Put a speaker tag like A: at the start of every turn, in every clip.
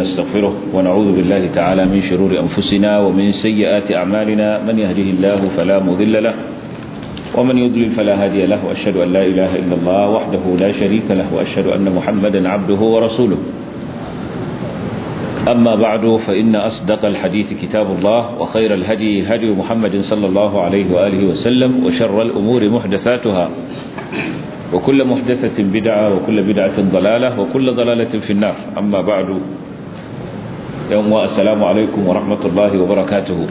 A: ونستغفره ونعوذ بالله تعالى من شرور أنفسنا ومن سيئات أعمالنا من يهده الله فلا مذل له ومن يضلل فلا هادي له وأشهد أن لا إله إلا الله وحده لا شريك له وأشهد أن محمدا عبده ورسوله أما بعد فإن أصدق الحديث كتاب الله وخير الهدي هدي محمد صلى الله عليه وآله وسلم وشر الأمور محدثاتها وكل محدثة بدعة وكل بدعة ضلالة وكل ضلالة في النار أما بعد yan uwa assalamu alaikum wa rahmatullahi wa barakatuhu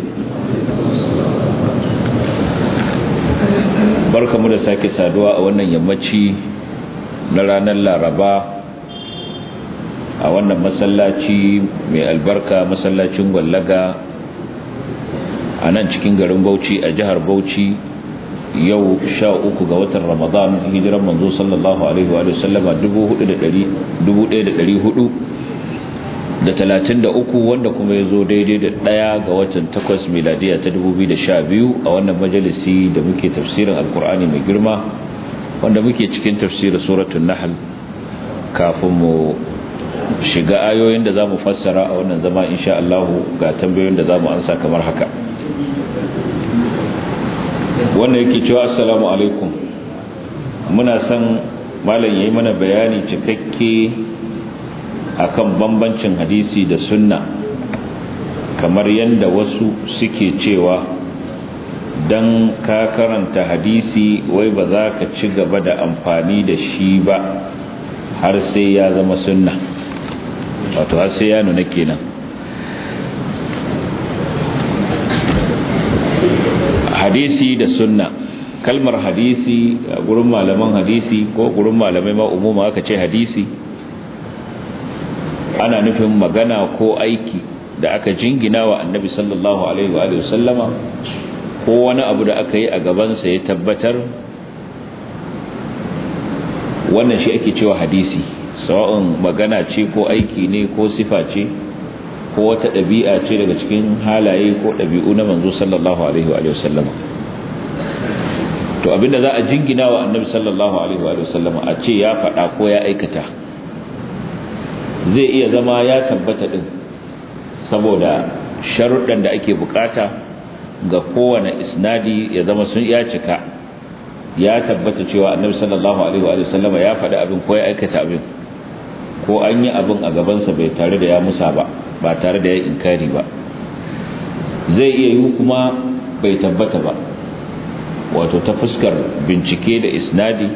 A: barkamu da sake saduwa a wannan yammaci na ranar laraba a wannan masallaci mai albarka masallacin gwallaga a nan cikin garin bauchi a jihar bauchi yau sha uku ga watan ramadan hijiran manzo sallallahu alaihi wa sallama 1400 da talatin da uku wanda kuma ya zo daidai da ɗaya ga watan 8 miladiya ta da 2012 a wannan majalisi da muke tafsirin alkur'ani mai girma wanda muke cikin tafsirin suratun nahal kafin mu shiga ayoyin da za mu fassara a wannan zama insha Allah ga tambayoyin da za mu ansa kamar haka wannan yake cewa assalamu alaikum muna son malam ya yi mana bayani cikakke akan bambancin hadisi da sunna kamar yadda wasu suke cewa don ka karanta hadisi wai ba za ka ci gaba da amfani da shi ba har sai ya zama sunna wato har sai ya nuna kenan hadisi da sunna kalmar hadisi a gurin malaman hadisi ko gurin malamai ma umuma aka ce hadisi ana nufin magana ko aiki da aka jingina wa annabi sallallahu alaihi wa sallama ko wani abu da aka yi a gabansa ya tabbatar wannan shi ake cewa hadisi sawa'un magana ce ko aiki ne ko sifa ce ko wata ɗabi'a ce daga cikin halaye ko ɗabi'u na manzo sallallahu alaihi wa sallama to abinda za a jingina wa annabi sallallahu alaihi wa sallama a ce ya faɗa ko ya aikata zai iya zama ya tabbata din saboda sharuɗan da ake bukata ga kowane isnadi ya zama sun ya cika ya tabbata cewa annabi sallallahu alaihi wa sallama ya faɗi abin ko ya aikata abin ko an yi abin a gabansa bai tare da ya musa ba ba tare da ya inkari ba zai iya yi kuma bai tabbata ba wato ta fuskar bincike da isnadi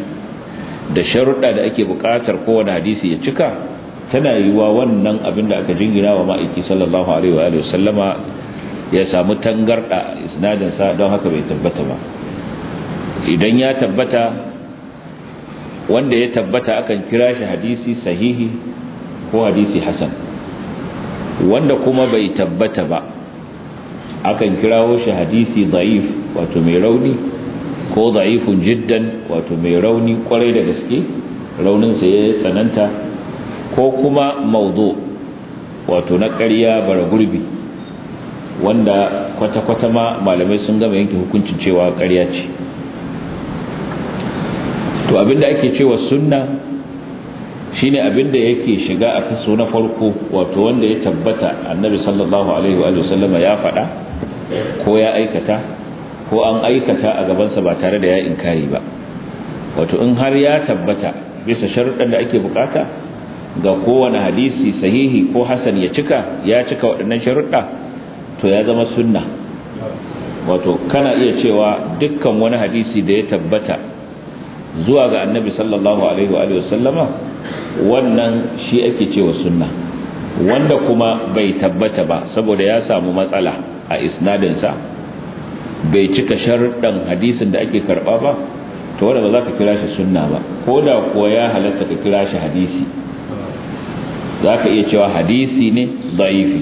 A: da sharuɗa da ake bukatar kowane hadisi ya cika tana yiwuwa wannan abin da aka jingina wa ma'aiki sallallahu alaihi wa sallama ya samu tangarda isnadin sa don haka bai tabbata ba idan ya tabbata wanda ya tabbata akan kira shi hadisi sahihi ko hadisi hasan wanda kuma bai tabbata ba akan kirawo shi hadisi da'if wato mai rauni ko da'ifun jiddan wato mai rauni kwarai da gaske rauninsa ya tsananta ko kuma mawdu wato na ƙarya bara gurbi wanda kwata-kwata ma malamai sun gama yanke hukuncin cewa ƙarya ce to abinda ake cewa sunna shine abinda yake shiga a kaso na farko wato wanda ya tabbata annabi sallallahu alaihi wa sallama ya faɗa ko ya aikata ko an aikata a gabansa ba tare da ya inkari ba wato in har ya tabbata bisa sharuɗan da ake bukata ga kowane hadisi sahihi ko hasan ya cika ya cika waɗannan sharuɗa to ya zama sunna wato kana iya cewa dukkan wani hadisi da ya tabbata zuwa ga annabi sallallahu alaihi wa sallama wannan shi ake cewa sunna wanda kuma bai tabbata ba saboda ya samu matsala a isnadinsa bai cika sharuɗan hadisin da ake karɓa ba to wanda ba za ka kira shi sunna ba ko da kuwa ya halatta ka kira shi hadisi za ka iya cewa hadisi ne za'ifi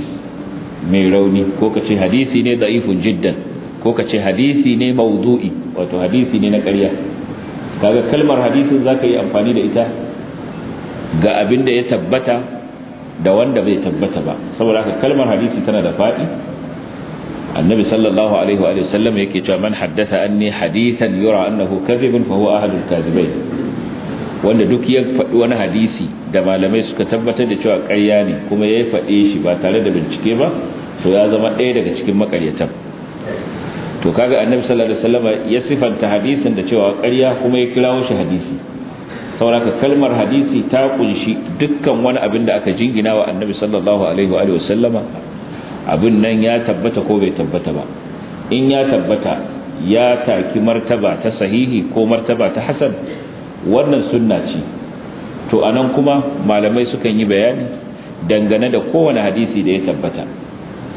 A: mai rauni ko ka ce hadisi ne da'ifun jiddan ko ka ce hadisi ne mawdu'i wato hadisi ne na ƙarya kaga kalmar hadisin za ka yi amfani da ita ga abin da ya tabbata da wanda bai tabbata ba saboda haka kalmar hadisi tana da faɗi annabi sallallahu alaihi wa sallam yake cewa man haddatha anni hadithan yura annahu kadhibun fa huwa ahlul kadhibin wanda duk ya faɗi wani hadisi da malamai suka tabbatar da cewa ƙarya ne kuma ya faɗe shi ba tare da bincike ba to ya zama ɗaya daga cikin makaryatan to kaga annabi sallallahu alaihi wasallam ya sifanta hadisin da cewa ƙarya kuma ya kirawo shi hadisi saboda kalmar hadisi ta kunshi dukkan wani abin da aka jingina wa annabi sallallahu alaihi wa sallama abin nan ya tabbata ko bai tabbata ba in ya tabbata ya taki martaba ta sahihi ko martaba ta hasan wannan sunna ce to anan kuma malamai sukan yi bayani dangane da kowane hadisi da ya tabbata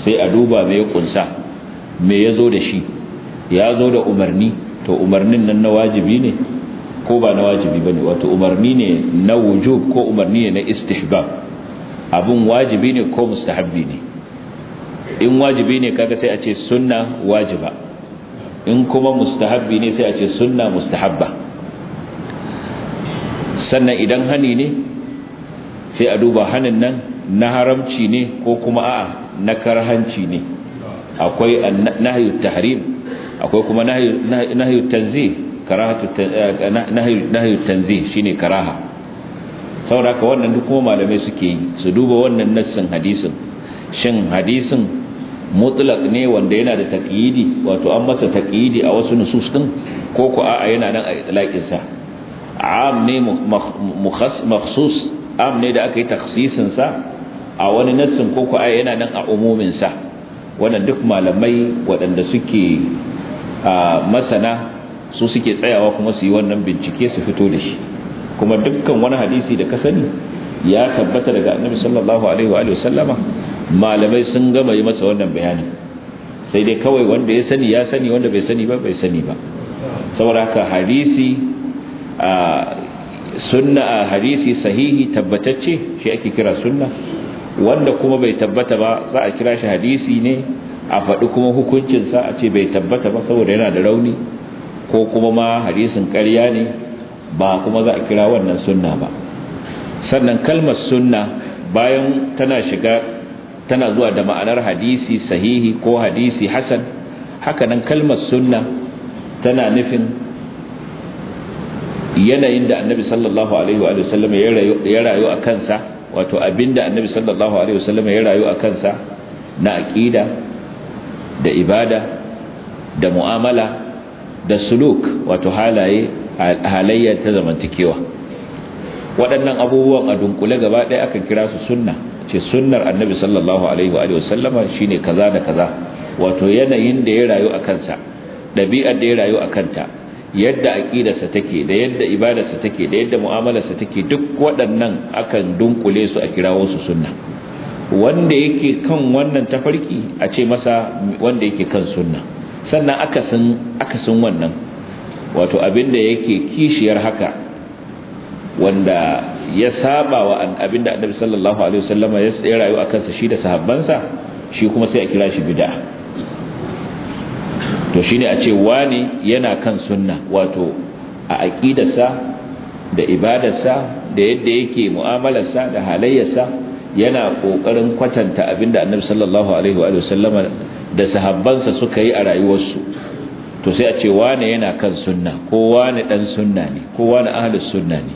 A: sai a duba me ya kunsa me ya zo da shi ya zo da umarni to umarnin nan na wajibi ne ko ba na wajibi bane wato umarni ne na wujub ko umarni ne na istihbab abun wajibi ne ko mustahabbi ne in wajibi ne kaga sai a ce sunna wajiba in kuma mustahabbi ne sai a ce sunna mustahabba sannan idan hani ne sai a duba hanin nan na haramci ne ko kuma a'a na karhanci ne akwai nahiyu tahrim akwai kuma nahiyu tanzih karahatu eh, nahyu tanzih shine karaha saboda haka wannan duk kuma malamai suke yi su duba wannan nassin hadisin shin hadisin mutlaq ne wanda yana da taqyidi wato an masa taƙidi a wasu nusus ko ko a'a yana nan a itlaqin sa am ne makhsus am ne da aka yi takhsisin sa a wani nassin ko ko yana nan a umumin sa wannan duk malamai waɗanda suke masana su suke tsayawa kuma su yi wannan bincike su fito da shi kuma dukkan wani hadisi da ka sani ya tabbata daga annabi sallallahu alaihi wa sallama malamai sun gama yi masa wannan bayani sai dai kawai wanda ya sani ya sani wanda bai sani ba bai sani ba saboda haka hadisi sunna hadisi sahihi tabbatacce shi ake kira sunna wanda kuma bai tabbata ba za a kira shi hadisi ne a faɗi kuma hukuncinsa a ce bai tabbata ba saboda yana da rauni ko kuma ma hadisin ƙarya ne ba kuma za a kira wannan sunna ba sannan kalmar sunna bayan tana shiga tana zuwa da ma'anar hadisi sahihi ko hadisi hasan hakanan kalmar sunna tana nufin yanayin da annabi sallallahu alaihi wa sallam ya rayu a kansa wato abinda annabi sallallahu alaihi wa sallam ya rayu a kansa na aqida da ibada da mu'amala da suluk wato halaye halayya ta zamantakewa waɗannan abubuwan a dunkule gaba ɗaya aka kira su sunna ce sunnar annabi sallallahu alaihi wa sallam. shi ne kaza da kaza wato yanayin da ya rayu a kansa ɗabi'ar da ya rayu a kanta yadda aqidarsa take da yadda ibadarsa take da yadda mu'amalarsa take duk waɗannan akan dunkule su a kirawo su sunna wanda yake kan wannan tafarki a ce masa wanda yake kan sunna sannan akasin akasin wannan wato abinda yake kishiyar haka wanda ya saba wa abinda annabi sallallahu alaihi wasallama ya rayu akan sa shi da sahabbansa shi kuma sai a kira shi bid'a to shi ne a ce wani yana kan sunna wato a aƙidarsa da ibadarsa da yadda yake mu'amalarsa da halayyarsa yana ƙoƙarin kwatanta abinda annabi sallallahu alaihi wa sallama da sahabbansa suka yi a rayuwarsu to sai a ce wani yana kan sunna ko wani dan sunna ne ko wani ahlus sunna ne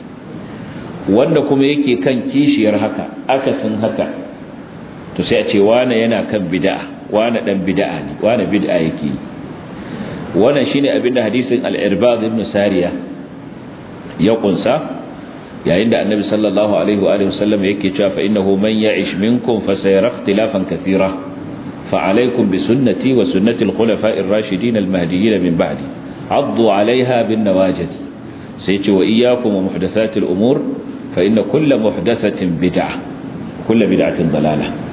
A: wanda kuma yake kan kishiyar haka akasin haka to sai a ce wani yana kan bid'a wani dan bid'a ne wani bid'a yake wannan shine abinda hadisin al-irbad ibn sariya ya kunsa yayin da annabi sallallahu alaihi wa alihi wasallam yake cewa fa innahu man ya'ish minkum fa sayara ikhtilafan kathira fa alaykum bi sunnati wa sunnati al-khulafa'ir rashidin al-mahdiyyin min ba'di addu 'alayha bin nawajid sai ce wa iyyakum wa muhdathatil umur fa inna kull muhdathatin bid'ah kull bid'atin dalalah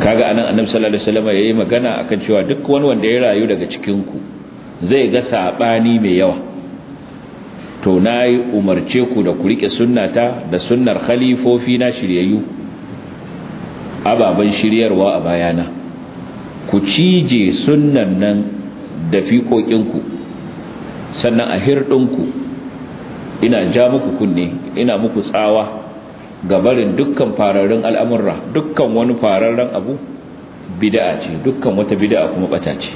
A: kaga anan annabi sallallahu alaihi wasallam yayi magana akan cewa duk wani wanda ya rayu daga cikin ku zai ga sabani mai yawa to nayi umarce ku da ku rike sunnata da sunnar khalifofi na shiryayyu ababan shiryarwa a bayana ku cije sunnan nan da fiƙoƙinku sannan a hirɗinku ina ja muku kunne ina muku tsawa gabarin dukkan fararrun al'amurra dukkan wani fararren abu bida'a ce dukkan wata bida'a kuma bata ce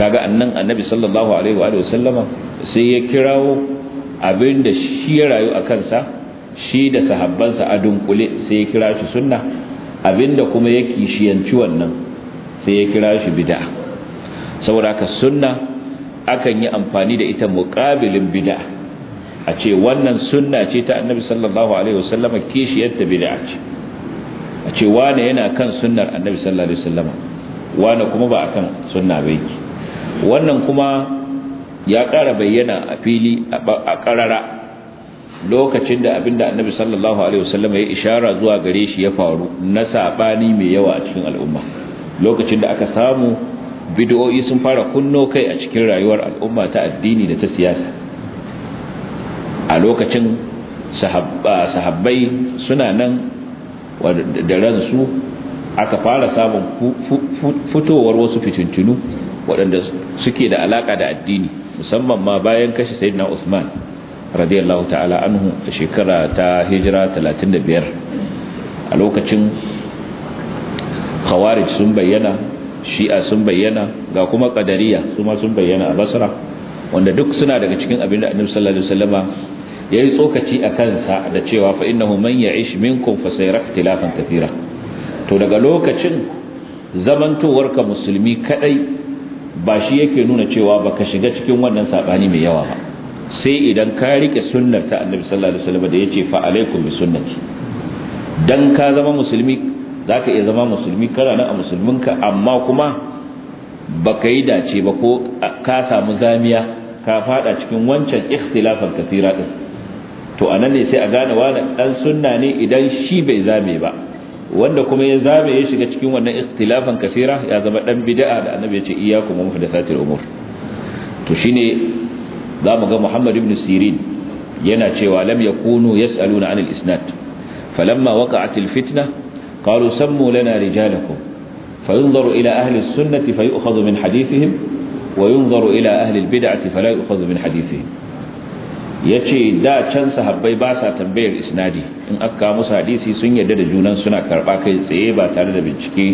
A: kaga annan annabi sallallahu alaihi wa sallama sai ya kirawo abin da shi ya rayu a kansa shi da sahabbansa a dunkule sai ya kira shi sunna abinda kuma ya kishiyanci wannan sai ya kira shi bida'a saboda haka sunna akan yi amfani da ita mukabilin bida'a. a ce wannan sunna ce ta annabi sallallahu alaihi wasallama kishiyarta bid'a ce a ce wane yana kan sunnar annabi sallallahu alaihi wasallama wane kuma ba akan sunna ba yake wannan kuma ya ƙara bayyana a fili a ƙarara lokacin da abinda annabi sallallahu alaihi wasallama ya ishara zuwa gare shi ya faru na sabani mai yawa a cikin al'umma lokacin da aka samu bid'o'i sun fara kunno kai a cikin rayuwar al'umma ta addini da ta siyasa a lokacin sahabbai suna nan da ransu aka fara samun fitowar wasu fitintunu waɗanda suke da alaƙa da addini musamman ma bayan kashe na Usman radiyallahu ta'ala anhu a shekara ta hijira 35 a lokacin khawarij sun bayyana shi'a sun bayyana ga kuma qadariya su ma sun bayyana a basra wanda duk suna daga cikin abin da annabi sallallahu alaihi wasallama yayi tsokaci a kansa da cewa fa innahu man ya'ish minkum fa sayara ikhtilafan kathira to daga lokacin zamantowarka musulmi kadai ba shi yake nuna cewa ba ka shiga cikin wannan sabani mai yawa ba sai idan ka rike sunnar ta annabi sallallahu alaihi wasallam da yace fa alaikum bi sunnati dan ka zama musulmi zaka iya zama musulmi kana nan a ka amma kuma baka yi dace ba ko ka samu zamiya ka fada cikin wancan ikhtilafan kafira din to anan ne sai a gane wani dan sunna ne idan shi bai zame ba wanda kuma ya zame ya shiga cikin wannan ikhtilafan kafira ya zama dan bid'a da annabi ya ce iyyakum muhdathatil umur to shine zamu ga Muhammad ibn Sirin yana cewa lam yakunu yas'aluna 'anil isnad falamma waqa'atil fitnah qalu sammu lana rijalakum فينظر إلى أهل السنة فيؤخذ من حديثهم وينظر إلى أهل البدعة فلا يؤخذ من حديثهم ya ce da can sahabbai ba sa tambayar isnadi in aka musu hadisi sun yarda da junan suna karba kai tsaye ba tare da bincike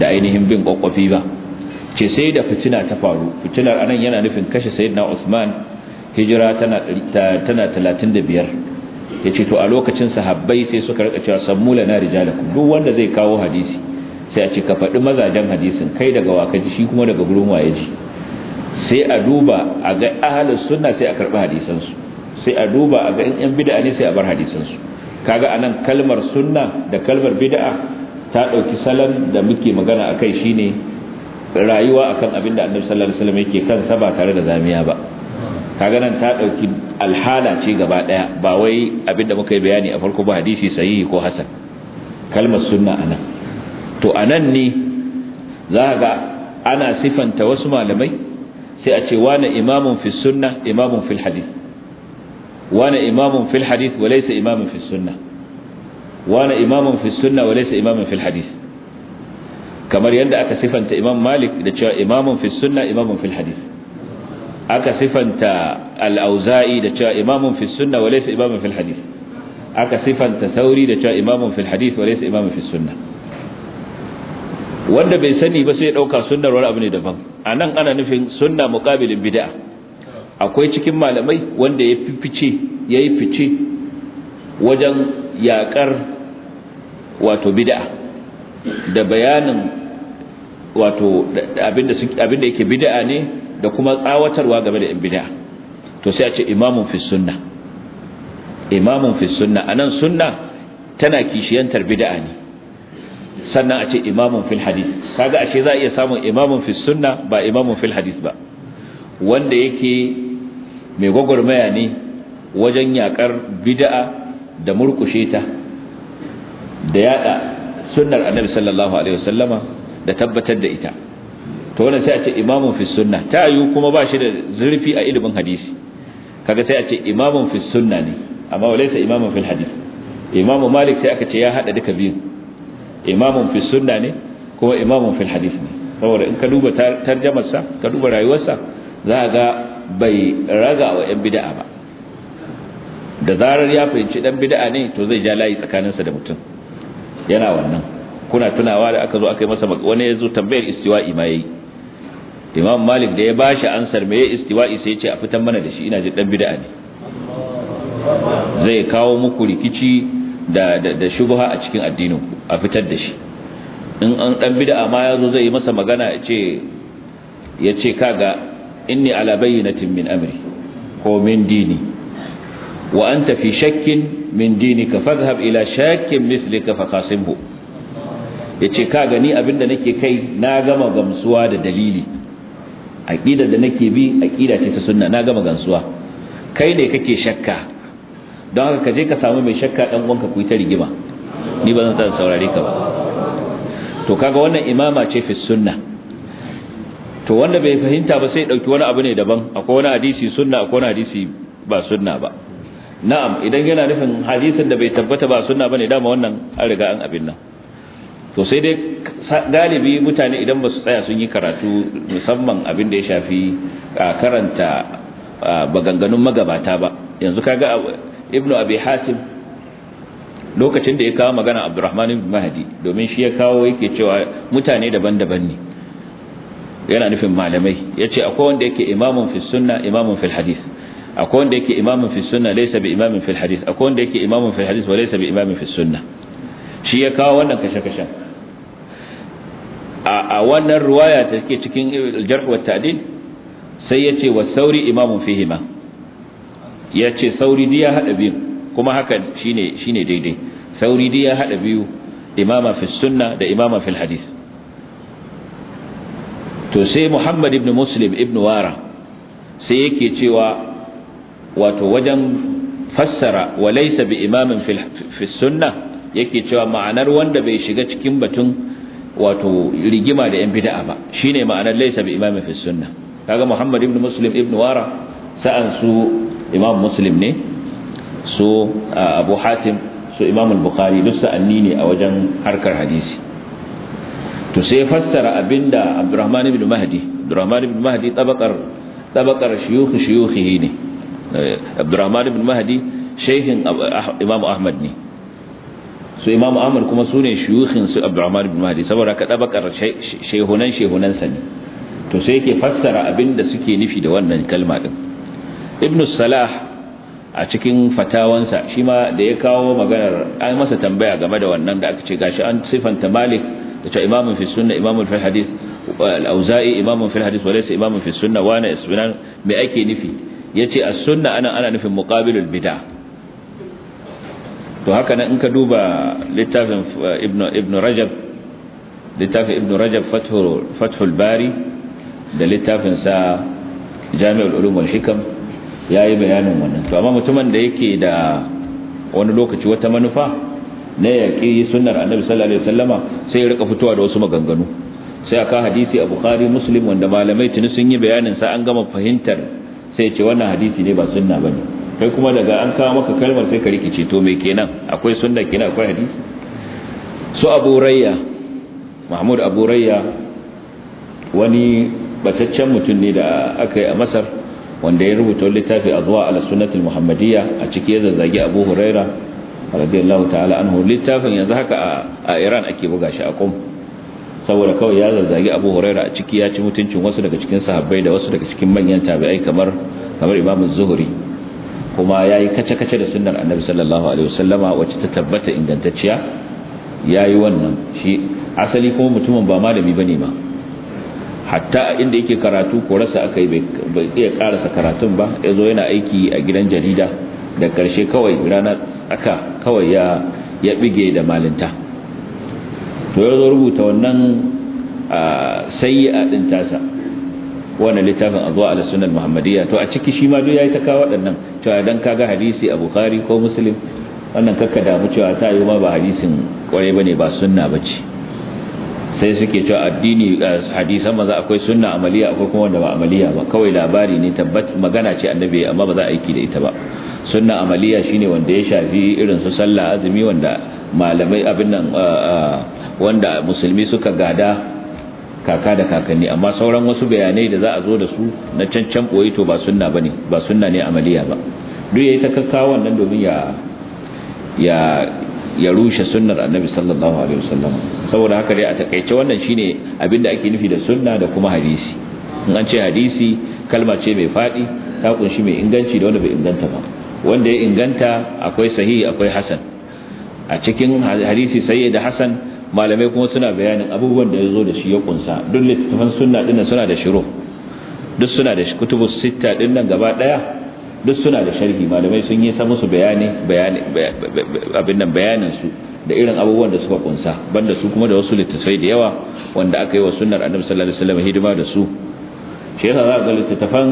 A: da ainihin bin kwakwafi ba ce sai da fitina ta faru fitinar anan yana nufin kashe sayyidina Usman hijira tana tana 35 yace to a lokacin sahabbai sai suka rika cewa sammula na rijalakum duk wanda zai kawo hadisi sai a ce ka faɗi mazajen hadisin kai daga waka ji shi kuma daga gurin waye ji sai a duba a ga ahlus sunna sai a karɓi hadisan su sai a duba a ga in yan bid'a ne sai a bar hadisin su kaga anan kalmar sunna da kalmar bida'a ta ɗauki salon da muke magana akai shine rayuwa akan abin da Annabi sallallahu alaihi wasallam yake kansa ba tare da zamiya ba kaga nan ta ɗauki alhala ce gaba daya ba wai abin da muka yi bayani a farko ba hadisi sahihi ko hasan kalmar sunna anan to anan ne za ga ana sifanta wasu malamai sai a ce wani imamun fi sunna imamun fil hadith wana imamun fil hadith wa laysa imamun fis sunnah wana imamun fis kamar yadda aka sifanta imam malik da cewa imamun fis sunnah aka sifanta al da cewa imamun fis sunnah aka sifanta sauri da cewa wanda bai sani ba sai ya ɗauka sunnar wani abu ne daban anan ana nufin sunna muqabilin bid'a akwai cikin malamai wanda ya fice ya yi fice wajen yaƙar wato bid'a da bayanin wato abinda yake bid'a ne da kuma tsawatarwa game da 'yan bid'a to sai a ce imamun fi sunna imamun fi sunna nan sunna tana kishiyantar bid'a ne sannan a ce imamun fil hadith kaga ashe za a iya samun imamun fi sunna ba imamun fil hadith ba wanda yake mai gwagwarmaya ne wajen yakar bida'a da murkushe ta da yada sunnar annabi sallallahu alaihi wasallama da tabbatar da ita to wannan sai a ce imamun fi sunna ta yi kuma ba shi da zurfi a ilimin hadisi kaga sai a ce imamun fi sunna ne amma walaysa imamun fil hadith imamu malik sai aka ce ya hada duka biyu imamun fi sunna ne kuma imamun fil hadith ne saboda in ka duba tarjamar sa ka duba rayuwarsa za ga bai raga wa 'yan bida'a ba da zarar ya fahimci ɗan bida'a ne to zai ja layi tsakaninsa da mutum yana wannan kuna tunawa da aka zo aka yi masa wani ya zo tambayar istiwa'i ma ya yi. imam malik da ya ba shi ansar me ya istiwa'i sai ya ce a fitan mana da shi ina jin ɗan bida'a ne zai kawo muku rikici da da a cikin addinin a fitar da shi in an ɗan bida’a ma ya zo zai yi masa magana ya ce ya ce kaga inni ala bayyinatin min amri ko min dini wa anta fi shakkin min dinika fadhhab ila shakkin mislika fa qasimhu yace ka gani abinda nake kai na gama gamsuwa da dalili aqida da nake bi aqida ce ta sunna na gama gamsuwa kai ne kake shakka don haka ka je ka samu mai shakka dan uwanka ku ta rigima ni ba zan saurare ka ba to kaga wannan imama ce fi sunna to wanda bai fahimta ba sai dauki wani abu ne daban akwai wani hadisi sunna akwai wani hadisi ba sunna ba na'am idan yana nufin hadisin da bai tabbata ba sunna bane dama wannan an riga an abin nan to sai dai galibi mutane idan ba su tsaya sun yi karatu musamman abin da ya shafi karanta baganganun magabata ba yanzu kaga ibnu abi hatim lokacin da ya kawo magana abdurrahman ibn mahdi domin shi ya kawo yake cewa mutane daban-daban ne yana nufin malamai yace akwai wanda yake imamun fi sunna imamun fil hadith akwai wanda yake imamun fi sunna laysa bi imamin fil hadith akwai wanda yake imamun fil hadith wa laysa bi imamin fi sunna shi ya kawo wannan kashe kashe a wannan ruwaya ta ke cikin jarh wa ta'dil sai ya ce, wa sauri imamun fihi Ya ce, sauri diya hada biyu kuma haka shine shine daidai sauri diya hada biyu imama fi sunna da imama fil hadith to sai muhammad ibn muslim ibn wara sai yake cewa wato wajen fassara wa laysa bi imamin fi sunna yake cewa ma'anar wanda bai shiga cikin batun wato rigima da yan bid'a ba shine ma'anar laysa bi imamin fi sunna kaga muhammad ibn muslim ibn wara sa'an su imam muslim ne su uh, abu hatim su imam al-bukhari duk sa'anni ne a wajen harkar hadisi to sai fassara abinda abdurrahman ibn mahdi abdurrahman ibn mahdi tabakar tabakar shuyukh shuyukhihi ne eh, abdurrahman ibn mahdi shehin ah, imam ahmad ne su imam ahmad kuma su ne shuyukhin su abdurrahman ibn mahdi saboda ka tabakar shehunan shehunan sa ne to sai yake fassara abinda suke nufi da wannan kalma din ibn salah a cikin fatawansa shi ma da ya kawo maganar an masa tambaya game da wannan da aka ce gashi an sifanta malik kace imamun fi sunna imamun fi hadith al-auza'i imamun fi hadith walaysa imamun fi sunna wa ana isbinan me ake nufi yace as-sunna ana ana nufin muqabilul bid'ah to haka nan in ka duba littafin eh, ibn ibn rajab littafin ibn rajab fathul fathul bari da littafin sa jami'ul ulum wal hikam yayi bayanin wannan to amma mutumin da yake da wani lokaci wata manufa na yaƙi sunnar annabi sallallahu alaihi wasallama sai ya rika fitowa da wasu maganganu sai aka hadisi a bukhari muslim wanda malamai tuni sun yi bayanin sa an gama fahimtar sai ce wannan hadisi ne ba sunna bane kai kuma daga an kawo maka kalmar sai ka rikice to me kenan akwai sunna kenan akwai hadisi su abu rayya mahmud abu rayya wani bataccen mutum ne da aka yi a masar wanda ya rubuta littafi a zuwa ala sunnatul muhammadiyya a ciki ya zazzagi abu huraira radiyallahu ta'ala anhu littafin yanzu haka a Iran ake buga shi a kum saboda kawai ya zargi Abu Huraira a ciki ya ci mutuncin wasu daga cikin sahabbai da wasu daga cikin manyan tabi'ai kamar kamar Imam Zuhri kuma yayi kace-kace da sunnar Annabi sallallahu alaihi wasallama wacce ta tabbata ingantacciya yayi wannan shi asali kuma mutumin ba malami bane ma hatta inda yake karatu ko rasa akai bai iya karasa karatun ba yazo yana aiki a gidan jarida da ƙarshe kawai ranar aka kawai ya ya bige da malinta to ya zo rubuta wannan a din tasa wannan littafin azwa ala sunan muhammadiyya to a ciki shi ma duk yayi ta kawo waɗannan to dan kaga hadisi a bukhari ko muslim wannan kakka damu cewa ta yi ma ba hadisin kwarai bane ba sunna bace sai suke cewa addini eh, hadisan maza akwai sunna amaliya akwai kuma wanda ba amaliya ba kawai labari ne tabbat magana ce annabi amma ba za a aiki da ita ba sunna amaliya shine wanda ya shafi irin su sallah azumi wanda malamai abin nan eh, eh, wanda musulmi suka gada kaka da kakanni amma sauran wasu bayanai da za a zo da su na cancan boye to ba sunna bane ba sunna ne amaliya ba duk yayi ta kakkawa wannan domin ya ya ya rushe sunnar annabi sallallahu alaihi wasallam saboda haka dai a takaice wannan shine abinda ake nufi da sunna da kuma hadisi in an ce hadisi kalma ce mai fadi ta kunshi mai inganci da wanda bai inganta ba wanda ya inganta akwai sahihi akwai hasan a cikin hadisi sahihi da hasan malamai kuma suna bayanin abubuwan da ya zo da shi ya kunsa duk littattafan sunna dinnan suna da shiru duk suna da kutubus sitta dinnan gaba daya duk suna da sharhi malamai sun yi ta musu bayani abin nan bayanin su da irin abubuwan da suka kunsa banda su kuma da wasu littattafai da yawa wanda aka yi wa sunnar annabi sallallahu alaihi wasallam hidima da su shi yasa za ga littattafan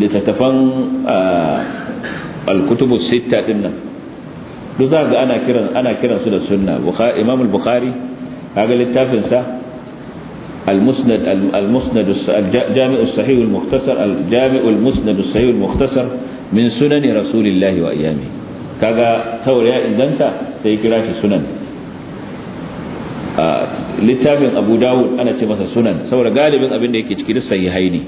A: littattafan al-kutubu sitta din nan duk za ga ana kiran ana kiran su da sunna bukhari imam al-bukhari kaga littafin sa المسند المسند الجامع الصحيح المختصر الجامع المسند الصحيح المختصر من سنن رسول الله وايامه kaga tauriya inganta sai kira shi sunan littafin abu dawud ana ce masa sunan saboda galibin abin da yake ciki duk sahihai ne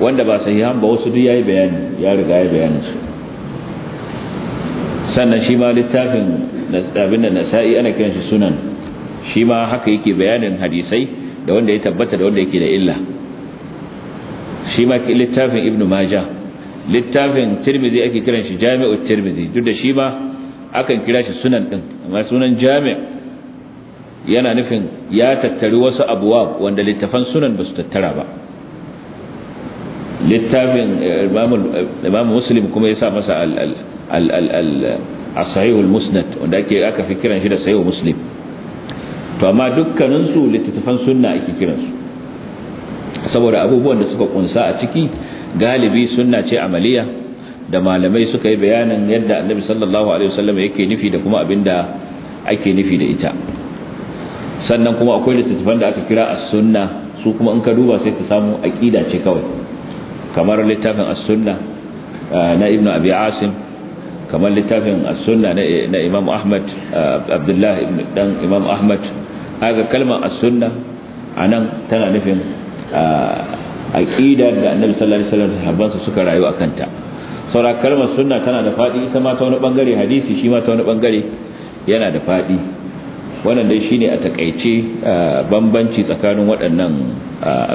A: wanda ba sahihan ba wasu duk yayi bayani ya riga ya bayanin su sannan shi ma littafin abin da nasa'i ana kiran shi sunan shi ma haka yake bayanin hadisai da wanda ya tabbata da wanda yake da illa shi ma littafin ibnu maja littafin tirmizi ake kiran shi jami'u tirmizi duk da shi ma akan kira shi sunan din amma sunan jami' yana nufin ya tattari wasu abuwab wanda littafan sunan ba su tattara ba littafin eh, eh, imam muslim kuma ya sa masa al-sahihul musnad wanda aka fi kiran shi da sahihul muslim to amma dukkaninsu littattafan sunna ake kiransu saboda abubuwan da suka kunsa a ciki galibi sunna ce amaliya da malamai suka yi bayanin yadda annabi sallallahu alaihi wasallam yake nufi da kuma abinda ake nufi da ita sannan kuma akwai littattafan da aka kira as-sunna su kuma in ka duba sai ka samu aqida ce kawai kamar littafin as-sunna eh, na ibnu abi asim kamar littafin as-sunna na imam ahmad eh, abdullah ibn dan imam ahmad aga kalmar as-sunna anan tana nufin aqidar da annabi sallallahu alaihi wasallam sahabbansa suka rayu akan ta saura kalmar sunna tana da fadi ita ma ta wani bangare hadisi shi ma ta wani bangare yana da fadi wannan dai shine a takaice bambanci tsakanin waɗannan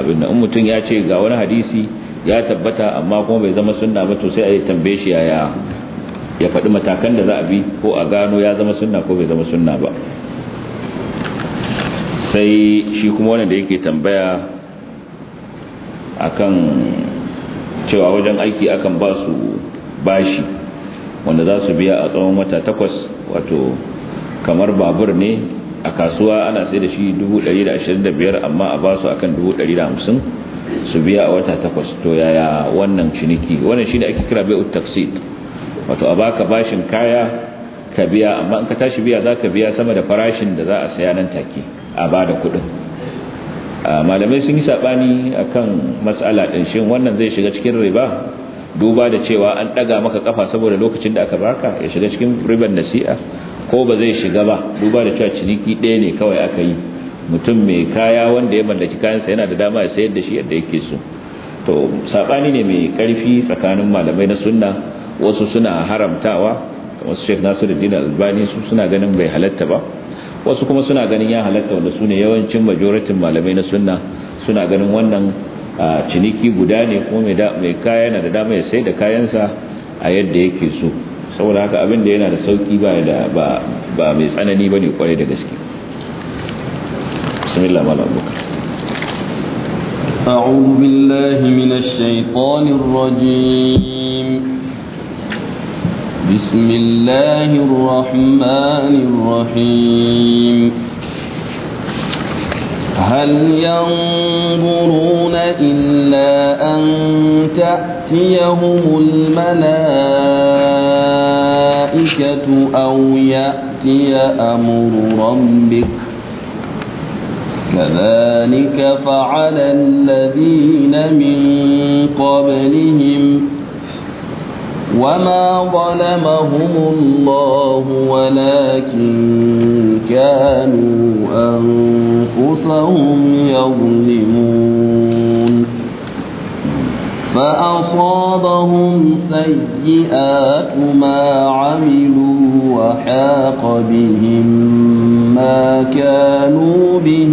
A: abin nan mutum ya ce ga wani hadisi ya tabbata amma kuma bai zama sunna ba to sai a tambaye shi yaya ya faɗi matakan da za a bi ko a gano ya zama sunna ko bai zama sunna ba sai shi kuma wanda yake tambaya akan cewa wajen aiki akan ba su bashi wanda za su biya a tsawon wata takwas wato kamar babur ne a kasuwa ana sai da shi 125 amma a ba su akan 150 su biya a wata takwas to yaya wannan ciniki wannan shi ne ake kira bai taksit wato a baka bashin kaya ka biya amma in ka tashi biya za ka biya sama da farashin da za a saya nan take a ba da kuɗin malamai sun yi saɓani a kan matsala ɗin shin wannan zai shiga cikin riba duba da cewa an ɗaga maka kafa saboda lokacin da aka baka ya shiga cikin riban nasi'a ko ba zai shiga ba duba da cewa ciniki ɗaya ne kawai aka yi mutum mai kaya wanda ya mallaki kayansa yana da dama ya sayar da shi yadda yake so to saɓani ne mai ƙarfi tsakanin malamai na sunna wasu suna haramtawa kamar su sheikh nasiruddin albani su suna ganin bai halatta ba wasu kuma suna ganin ya halatta wanda su ne yawancin majoratin malamai na sunna suna ganin wannan ciniki guda ne kuma mai kaya yana da dama ya sai da kayansa a yadda yake so saboda haka abin da yana da sauki ba da ba mai tsanani ba ne kwarai da gaske
B: أعوذ بالله من الشيطان الرجيم بسم الله الرحمن الرحيم هل ينظرون إلا أن تأتيهم الملائكة أو يأتي أمر ربك كذلك فعل الذين من قبلهم وما ظلمهم الله ولكن كانوا أنفسهم يظلمون فأصابهم سيئات ما عملوا وحاق بهم ما كانوا به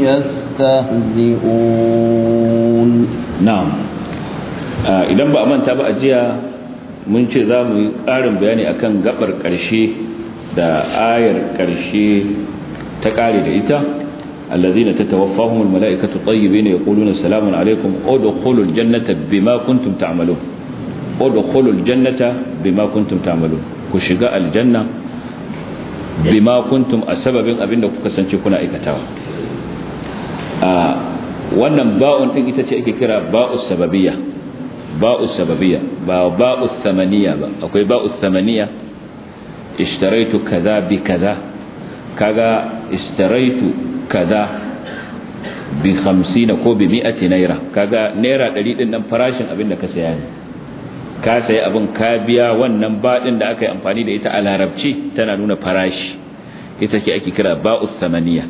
B: يستهزئون
A: نعم إذا ما a manta ba mun ce za mu yi ƙarin bayani a kan gaɓar ƙarshe da ayar ƙarshe ta ƙare da ita ta allazina tatawaffahumul mala'ikatu tayyibin yaquluna salamun o alaykum udkhulul jannata bima kuntum ta'malun udkhulul jannata bima ta ta'malun ku shiga aljanna bima kuntum asbabin abinda kuka sance kuna aikatawa a wannan ba'un din ita ce ake kira ba'us sababiyya ba'us sababiyya ba ba'u samaniya ba akwai ba'u samaniya ishtaraitu kaza bi kaza kaga ishtaraitu kaza bi 50 ko bi 100 naira kaga naira 100 din nan farashin abin da ka saya ne ka sayi abin ka biya wannan baɗin da aka yi amfani da ita a larabci tana nuna farashi ita ce ake kira ba'u samaniya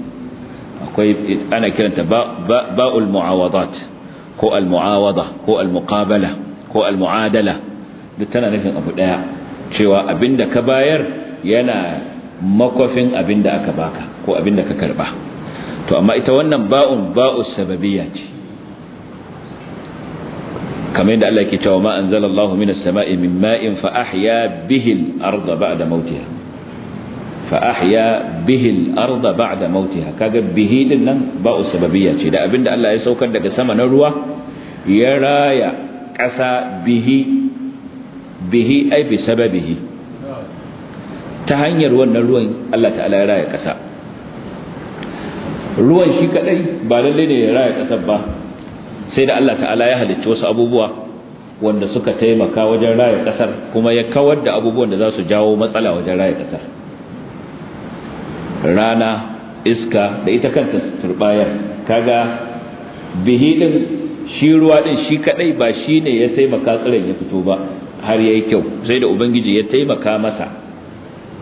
A: akwai ana kiranta ba'ul mu'awadat ko al-mu'awada ko al-muqabala ko al-mu'adala duk tana nufin abu daya cewa abinda ka bayar yana makofin abinda aka baka ko abinda ka karba to amma ita wannan ba'un ba'us sababiyya ce kamar yadda Allah yake cewa ma anzalallahu minas sama'i min ma'in fa ahya bihi al-ardha ba'da mautiha fa ahya bihi al-ardha ba'da mautiha kaga bihi din nan ba'us sababiyya ce da abinda Allah ya saukar daga sama na ruwa ya raya ƙasa bihi bihi ai bi sababihi ta hanyar wannan ruwan Allah ta'ala ya raya ƙasa ruwan shi kadai ba lalle ne ya raya ƙasar ba sai da Allah ta'ala ya halicci wasu abubuwa wanda suka taimaka wajen raya ƙasar kuma ya kawar da abubuwan da za su jawo matsala wajen raya ƙasar rana iska da ita kanta turbayar kaga bihi din shi ruwa din shi kaɗai ba shi ne ya taimaka tsirin ya fito ba har ya yi kyau sai da ubangiji ya taimaka masa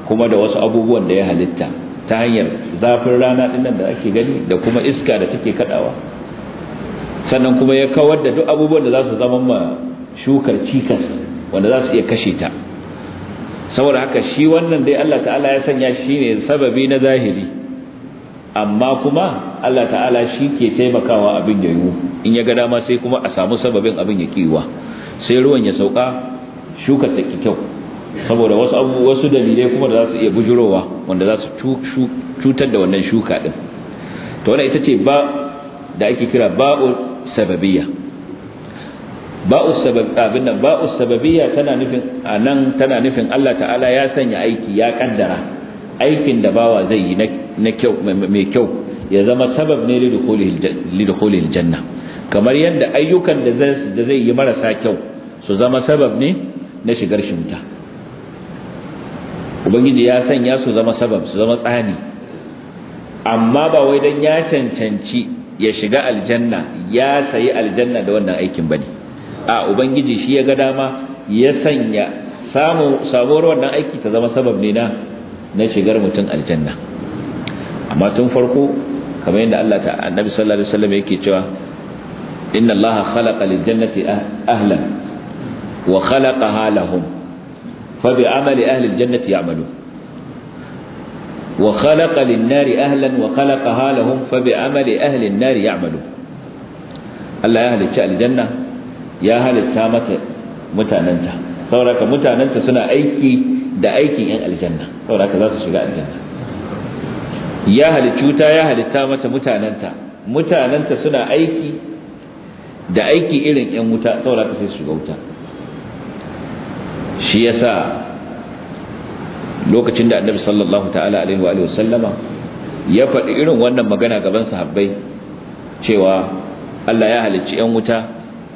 A: kuma da wasu abubuwan da ya halitta ta hanyar zafin rana din nan da ake gani da kuma iska da take kaɗawa. sannan kuma ya kawar da duk abubuwan da za su zama ma shukar cikas wanda za su iya kashe ta saboda haka shi wannan dai Allah ta'ala ya sanya shi ne sababi na zahiri amma kuma Allah ta'ala shi ke taimakawa abin ya yiwu in ya ga dama sai kuma a samu sababin abin ya kiwa sai ruwan ya sauka shuka ta kyau saboda wasu abu wasu dalilai kuma da za su iya bujurowa wanda za su cutar da wannan shuka din to wannan ita ce ba da ake kira ba'u sababiyya ba'u sabab abin nan ba'u sababiyya tana nufin anan tana nufin Allah ta'ala ya sanya aiki ya kaddara aikin da bawa zai yi na kyau mai kyau ya zama sabab ne lidukhulil janna kamar yadda ayyukan da zai yi marasa kyau su zama sabab ne na shigar shi wuta ubangiji ya sanya su zama sabab su zama tsani amma ba wai don ya cancanci ya shiga aljanna ya sayi aljanna da wannan aikin ne. a ubangiji shi ya ga dama ya sanya samu samuwar wannan aiki ta zama sabab ne na na shigar mutum aljanna amma tun farko kamar yadda Allah ta annabi sallallahu alaihi wasallam yake cewa inna Allah khalaqa lil jannati ah, ahlan wa khalaqaha lahum fa bi amali ahli al jannati ya'malu wa khalaqa lin nari ahlan wa khalaqaha lahum fa bi amali ahli an nari ya'malu Allah ya halicci aljanna ya halitta mata mutananta saboda mutananta suna aiki da aikin yan aljanna saboda haka za su shiga aljanna ya halicci wuta ya halitta mata mutananta mutananta suna aiki da aiki irin yan wuta saboda haka sai su shiga wuta shi yasa lokacin da annabi sallallahu ta'ala alaihi wa sallama ya faɗi irin wannan magana gaban sahabbai cewa Allah ya halicci yan wuta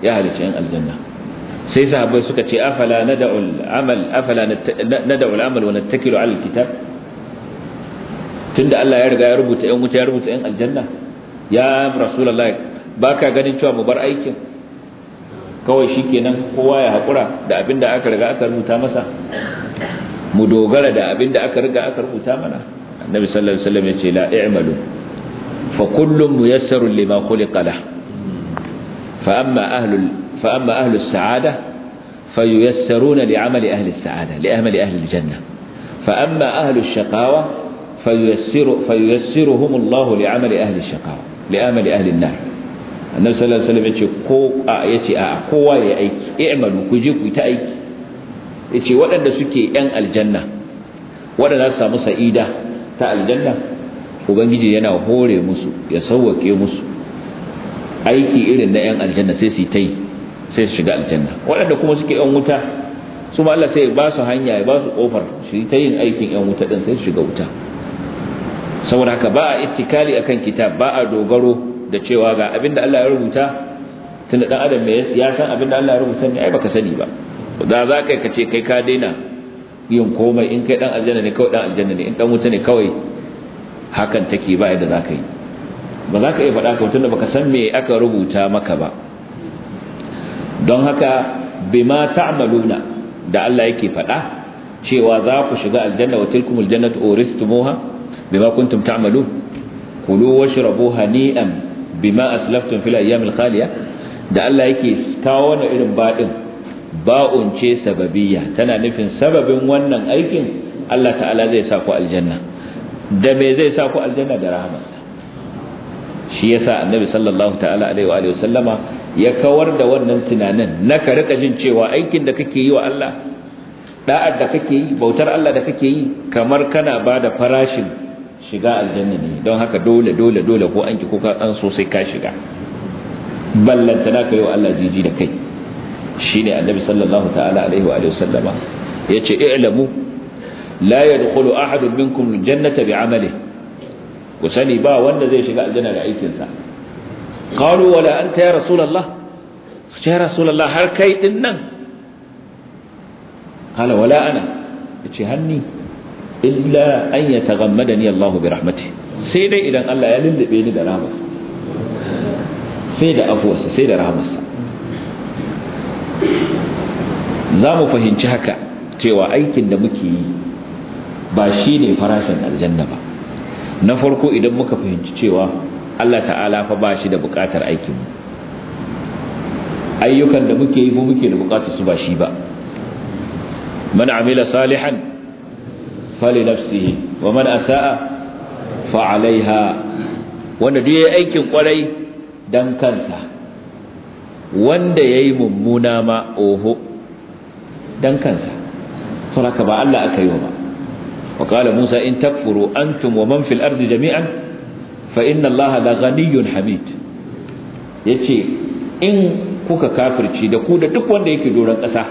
A: ya halicci yan aljanna sai sahabbai suka ce afala nada'ul amal afala nada'ul amal wa nattakilu ala alkitab tunda Allah ya riga ya rubuta ƴan wuta ya rubuta ƴan aljanna ya rasulullahi baka ganin cewa mu bar aikin kawai shikenan kowa ya hakura da abinda aka riga aka rubuta masa mu dogara da abinda aka riga aka rubuta mana annabi sallallahu alaihi wasallam ce la i'malu fa kullun muyassarun lima khuliqa lah fa amma ahlul فأما أهل السعادة فييسرون لعمل أهل السعادة لأهمل أهل الجنة فأما أهل الشقاوة فييسر فييسرهم الله لعمل أهل الشقاوة لأمل أهل النار النبي صلى الله عليه وسلم يقول آه، يا آه، آه، أيك اعملوا كجيك وتأيك يقول أن الجنة وانا نسى مسا إيدا تا الجنة وبنجي ينا هوري مسو يسوك يمسو أيك إلي أن الجنة سيسي تيه sai su shiga aljanna waɗanda kuma suke yan wuta su ma Allah sai ba su hanya ya ba su kofar shi ta yin aikin yan wuta din sai su shiga wuta saboda haka ba a ittikali akan kitab ba a dogaro da cewa ga abinda Allah ya rubuta tunda dan adam ya san abinda Allah ya rubuta ne ai baka sani ba da za kai ka ce kai ka daina yin komai in kai dan aljanna ne kawai dan aljanna ne in dan wuta ne kawai hakan take ba yadda za ka yi ba za ka iya faɗa ka tunda baka san me aka rubuta maka ba don haka bima ta'maluna da Allah yake faɗa cewa za ku shiga aljanna wa tilkumul jannatu uristumuha bima kuntum ta'malun kulu washrabu hani'an bima aslaftum fil ayyamil da Allah yake kawo wannan irin baɗin ba'un ce sababiyya tana nufin sababin wannan aikin Allah ta'ala zai sa ku aljanna da me zai sa ku aljanna da rahamarsa shi yasa annabi sallallahu ta'ala alaihi wa sallama ya kawar da wannan tunanin na ka rika jin cewa aikin da kake yi wa Allah da'ar da kake yi bautar Allah da kake yi kamar kana ba da farashin shiga aljanna ne don haka dole dole dole ko an ki ko an so sai ka shiga ballanta na kai wa Allah jiji da kai shine annabi sallallahu ta'ala alaihi wa sallama yace i'lamu la yadkhulu ahadun minkum aljannata bi'amalihi ku sani ba wanda zai shiga aljanna da aikinsa qalu wala anta ya rasulullah ce ya rasulullah har kai din nan qala wala ana ce hanni illa an yataghammadani Allah bi rahmati sai dai idan Allah ya lullube ni da ramarsa. sai da afuwarsa sai da ramarsa. za mu fahimci haka cewa aikin da muke yi ba shi ne farashin aljanna ba na farko idan muka fahimci cewa Allah ta'ala fa ba shi da buƙatar aikin ayyukan da muke yi mu muke da buƙatar su ba shi ba man amila salihan fali nafsihi wa man asa'a fa alaiha wanda duk yayi aikin kwarai dan kansa wanda yayi mummuna ma oho dan kansa saboda ba Allah aka yi wa ba Musa in takfuru تكفروا أنتم ومن في الأرض jami'an? fa inna allaha la ghaniyyun hamid yace in kuka kafirci da ku da duk wanda yake doron ƙasa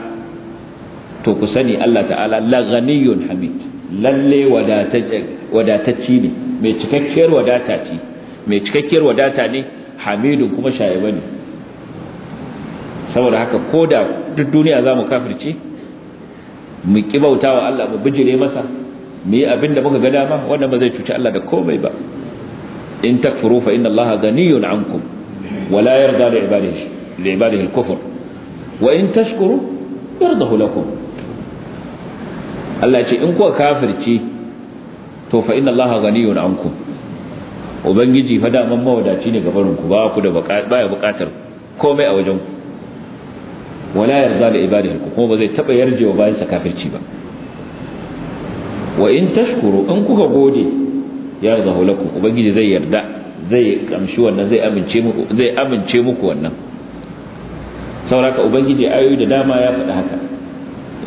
A: to ku sani Allah ta'ala la ghaniyyun hamid lalle wadatacci ne mai cikakkiyar wadata ce mai cikakkiyar wadata ne hamidun kuma shayaba ne saboda haka ko da duk duniya za mu kafirci mu wa Allah mu bijire masa mu yi abin da muka ga dama wanda ba zai cuci Allah da komai ba in takfuru fa inna allaha ghaniyun ankum wa la yarda li ibadihi li ibadihi wa in tashkuru yardahu lakum Allah ce in kuwa kafirci to fa inna allaha ghaniyun ankum ubangiji fa daman mawadaci ne gabarin ku ba ku da komai a wajen ku wala yarda li kuma ba zai taba yarjewa bayan sa kafirci ba wa in tashkuru in kuka gode yardahu lakum ubangiji zai yarda zai kamshi wannan zai amince muku zai amince muku wannan sauraka ubangiji ayoyi da dama ya faɗi haka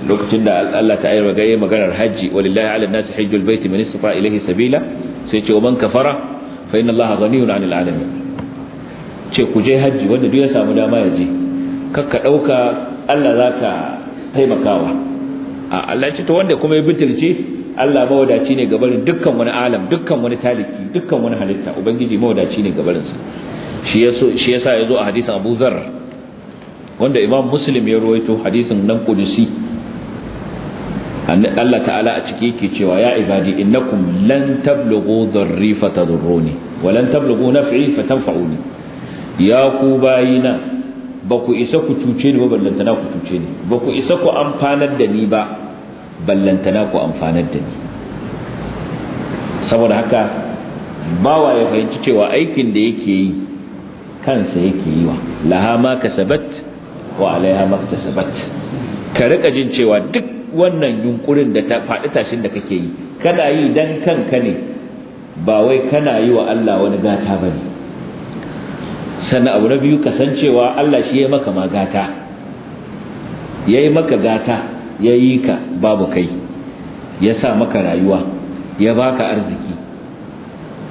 A: lokacin da Allah ta ayyana gaye maganar haji walillahi ala nasu hajjul baiti man istata ilayhi sabila sai ce man kafara fa inna allaha ghaniyun 'anil alamin ce ku je haji wanda duk ya samu dama ya je kakka dauka Allah zaka taimakawa a Allah ce to wanda kuma ya bitilce Allah mawadaci ne ga barin dukkan wani alam dukkan wani taliki dukkan wani halitta ubangiji mawadaci ne ga barin sa shi yaso shi yasa yazo a hadisin Abu Zar wanda Imam Muslim ya ruwaito hadisin nan kudusi Allah ta'ala a ciki yake cewa ya ibadi innakum lan tablughu dharri fatadurruni wa lan tablughu naf'i fatanfa'uni ya ku bayina ba ku isa ku cuce ni ba ballantana ku cuce ni ba ku isa ku amfanar da ni ba ballantana ku amfanar da ni saboda haka bawa ya fahimci cewa aikin da yake yi kansa yake yi wa laha ma kasabat wa alaiha ma kasabat ka rika jin cewa duk wannan yunkurin da ta faɗi tashin da kake yi kana yi dan kanka ne ba wai kana yi wa Allah wani gata ba ne. sannan abu na biyu kasancewa Allah shi ya maka magata yayi maka gata ya yi ka babu kai ya sa maka rayuwa ya baka arziki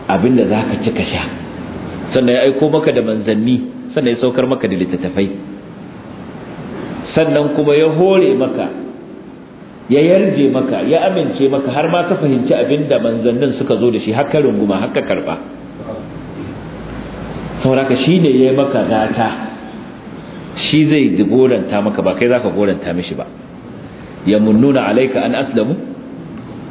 A: abinda za ka ci ka sha sannan ya aiko maka da manzanni sannan ya saukar maka da littattafai sannan kuma ya hore maka ya yarje maka ya amince maka har ma ka fahimci abinda manzannin suka zo da shi haka runguma haka karba sauraka shi ne ya yi maka gata shi zai goranta maka ba kai za ka goranta mishi ba yamunnuna alayka an aslamu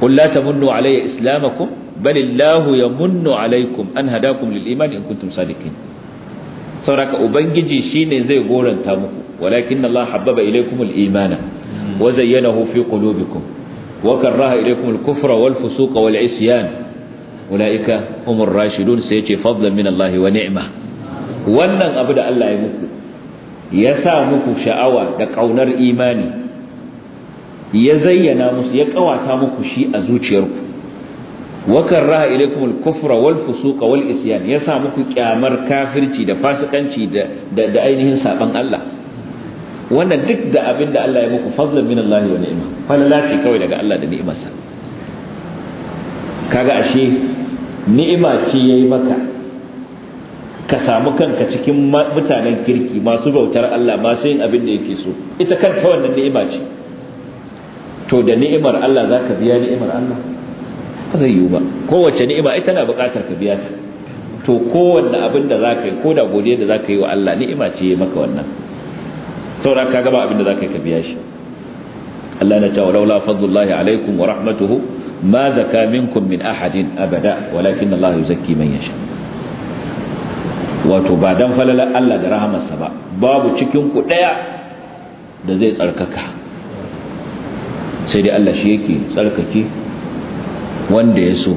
A: qul la tamunnu alayya islamakum bal illahu yamunnu alaykum an hadakum lil iman in kuntum sadiqin sauraka ubangiji shine zai goranta muku walakin Allah habbaba ilaykum al imana wa zayyanahu fi qulubikum wa karaha ilaykum al kufra wal fusuqa wal isyan ulaika humur rashidun sai yace fadlan min Allah wa ni'ma wannan abu da Allah ya muku ya sa muku sha'awa da kaunar imani ya zayyana musu ya kawata muku shi a zuciyarku wa Raha ilaykum kufra wal fusuqa wal isyan ya sa muku kyamar kafirci da fasikanci da da ainihin saban Allah wannan duk da abin da Allah ya muku fadlan min Allah wa ni'ma falala ce kawai daga Allah da ni'imarsa kaga ashe ni'ima ce yayi maka ka samu kanka cikin mutanen kirki masu bautar Allah masu yin abin da yake so ita kanta wannan ni'ima ce to da ni'imar Allah za ka biya ni'imar Allah zai yiwu ba kowace ni'ima ita na buƙatar ka biya ta to kowanne abin da za ka yi ko da godiya da za ka yi wa Allah ni'ima ce ya maka wannan saura ka gaba abin da za ka yi ka biya shi Allah na cewa laula fadlullahi alaikum wa rahmatuhu ma zaka minkum min ahadin abada walakin Allah yuzakki man yasha wato ba dan falalar Allah da rahamarsa ba babu cikin ku daya da zai tsarkaka sai dai Allah shi yake tsarkake wanda ya so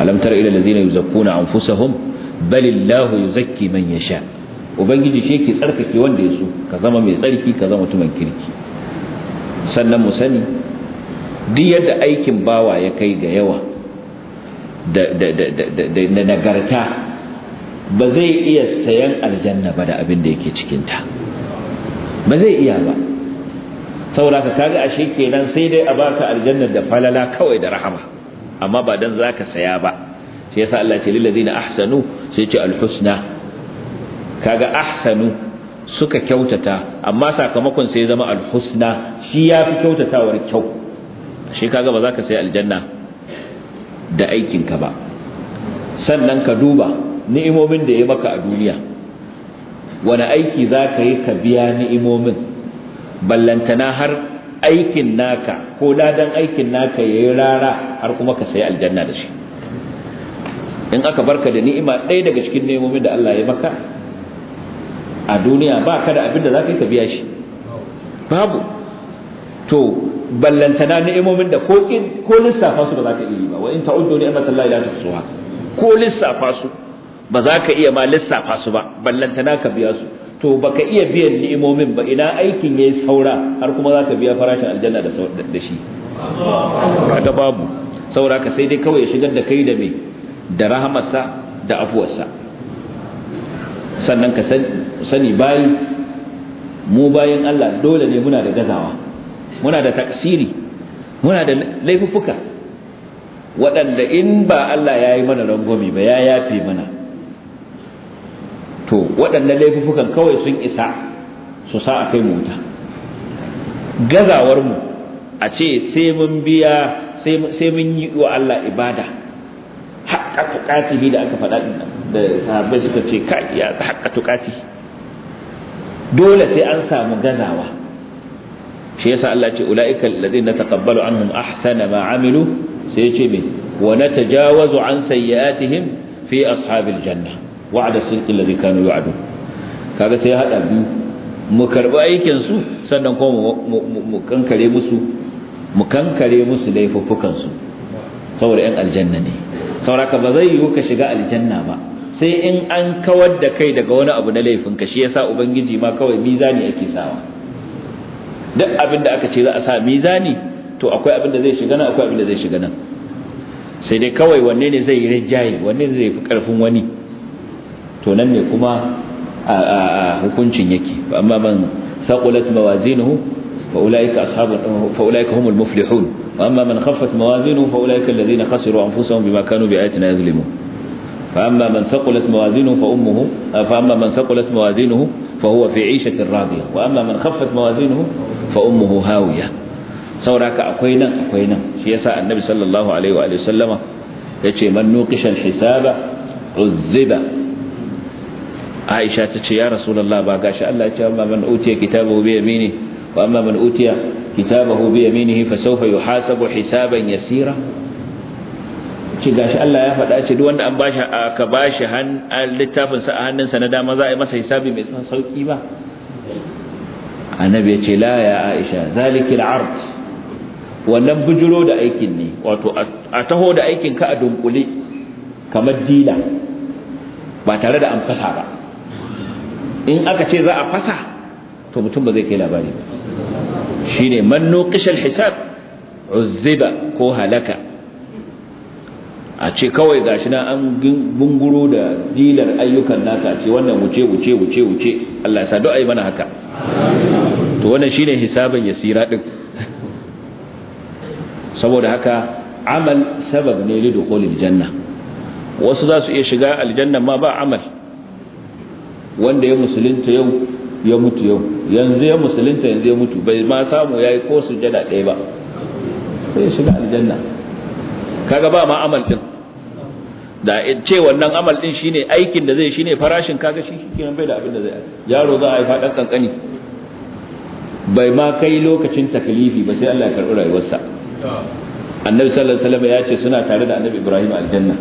A: alam tara ila allazina yuzakkuna anfusahum bal yuzakki man yasha ubangiji shi yake tsarkake wanda ya so ka zama mai tsarki ka zama mutumin kirki sannan mu sani duk yadda aikin bawa ya kai ga yawa da nagarta ba zai iya sayan aljanna ba da abin da yake cikinta ba zai iya ba saboda ka kaga ashe kenan sai dai a baka aljanna da falala kawai da rahama amma ba dan zaka saya ba shi yasa Allah ce lil ladina ahsanu sai ce al husna kaga ahsanu suka kyautata amma sakamakon sai zama al husna shi yafi kyautatawar kyau shi kaga ba zaka sai aljanna da aikin ka ba sannan ka duba ni'imomin da ya maka a duniya wani aiki za ka yi ka biya ni'imomin ballantana har aikin naka ko ladan aikin naka yayi rara har kuma ka sayi aljanna da shi in aka barka da ni'ima ɗaya daga cikin nemomin da Allah ya maka a duniya ba ka da abin da za ka ka biya shi babu to ballantana ni'imomin da ko ko lissafa su ba za ka iya ba wa in ta'uddu ni'matallahi la tuhsuha ko lissafa su ba za ka iya ma lissafa su ba ballantana ka biya su to baka iya biyan ni'imomin ba ina aikin yayi saura har kuma zaka biya farashin aljanna da da shi kaga babu saura ka sai dai kawai ya shigar da kai da me da rahamarsa da afuwarsa sannan ka sani bayi mu bayin Allah dole ne muna da gazawa muna da taksiri muna da laifuffuka waɗanda in ba Allah ya yi mana rangwami ba ya yafe mana to waɗannan laifukan kawai sun isa su sa a kai mu wuta a ce sai mun biya sai mun yi wa Allah ibada haƙƙa tuƙatihi da aka faɗa da sahabbai suka ce kai ya haƙƙa tuƙatihi dole sai an samu gazawa shi yasa Allah ce ulaika alladhina taƙabbalu anhum ahsana ma amilu sai ce me wa tajawazu an sayyi'atihim fi ashabil janna wa'ada sirqi allazi kanu yu'adu kaga sai hada biyu mu karɓi aikin su sannan kuma mu kankare musu mu kankare musu laifuffukan su saboda yan aljanna ne saboda ba zai yiwu ka shiga aljanna ba sai in an kawar da kai daga wani abu na laifin ka shi yasa ubangiji ma kawai mizani ake sawa duk abin da aka ce za a sa mizani to akwai abin da zai shiga nan akwai abin da zai shiga nan sai dai kawai wanne ne zai yi rinjaye wanne ne zai fi karfin wani to nan ne kuma hukuncin yake amma man saqulat mawazinuhu fa ulaika ashabu fa ulaika humul muflihun wa amma man khaffat mawazinuhu fa ulaika alladhina khasiru anfusahum bima kanu biayatina yadhlimun fa amma man saqulat mawazinuhu fa ummuhu fa amma man saqulat mawazinuhu fa huwa fi 'ishatin radiyah wa amma man khaffat mawazinuhu fa ummuhu hawiyah sauraka akwai nan akwai nan shi yasa annabi sallallahu alaihi wa sallama yace man nuqisha al-hisaba uzziba aisha ta ce ya rasulullah ba gashi Allah ya ce amma man utiya kitabahu bi yamini wa amma man utiya kitabahu bi yaminihi fa sawfa yuhasabu hisaban yasira ce gashi Allah ya faɗa ce duk wanda an bashi aka bashi han littafin sa a hannunsa na dama za a yi masa hisabi mai san sauki ba annabi ya ce la ya aisha zalikil ard wannan bujiro da aikin ne wato a taho da aikin ka a dunkule kamar dila ba tare da amfasa ba in aka ce za a fasa to mutum ba zai kai labari ba shine man nuqishal hisab uzziba ko halaka a ce kawai gashi na an bunguro da dilar ayyukan naka a ce wannan wuce wuce wuce wuce Allah ya sa do'a mana haka to wannan shine hisabin yasira din saboda haka amal sabab ne lidukhulil janna wasu za su iya shiga aljanna ma ba amal wanda ya musulunta yau ya mutu yau yanzu ya musulunta yanzu ya mutu bai ma samu yayi ko sujada ɗaya ba sai shiga aljanna kaga ba ma amal din da ce wannan amal din shine aikin da zai shine farashin kaga shi kenan bai da abin da zai yaro za a yi fadan kankani bai ma kai lokacin takalifi ba sai Allah ya karɓi rayuwarsa annabi sallallahu alaihi wasallam ya ce suna tare da annabi Ibrahim aljanna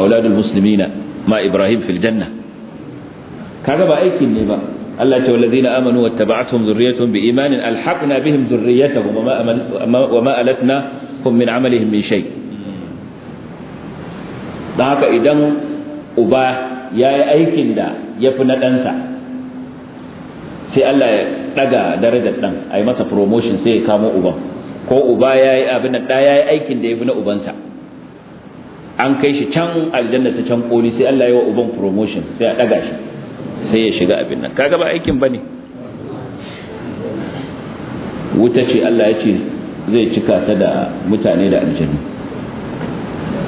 A: auladul muslimina ma Ibrahim fil janna kaga ba aikin ne ba Allah ce wallazina amanu wattaba'atuhum dhurriyyatuhum biimanin alhaqna bihim dhurriyyatahum wa ma alatna hum min amalihim min shay Da haka idan uba ya yi aikin da ya fi na ɗansa sai Allah ya ɗaga darajar ɗan a yi masa promotion sai ya kamo uban ko uba ya yi abin da ya yi aikin da ya fi na ubansa an kai shi can aljanna ta can koli sai Allah ya wa uban promotion sai ya ɗaga shi sai ya shiga abin nan kaga ba aikin bane wuta ce Allah ya ce zai cika ta da mutane da aljanna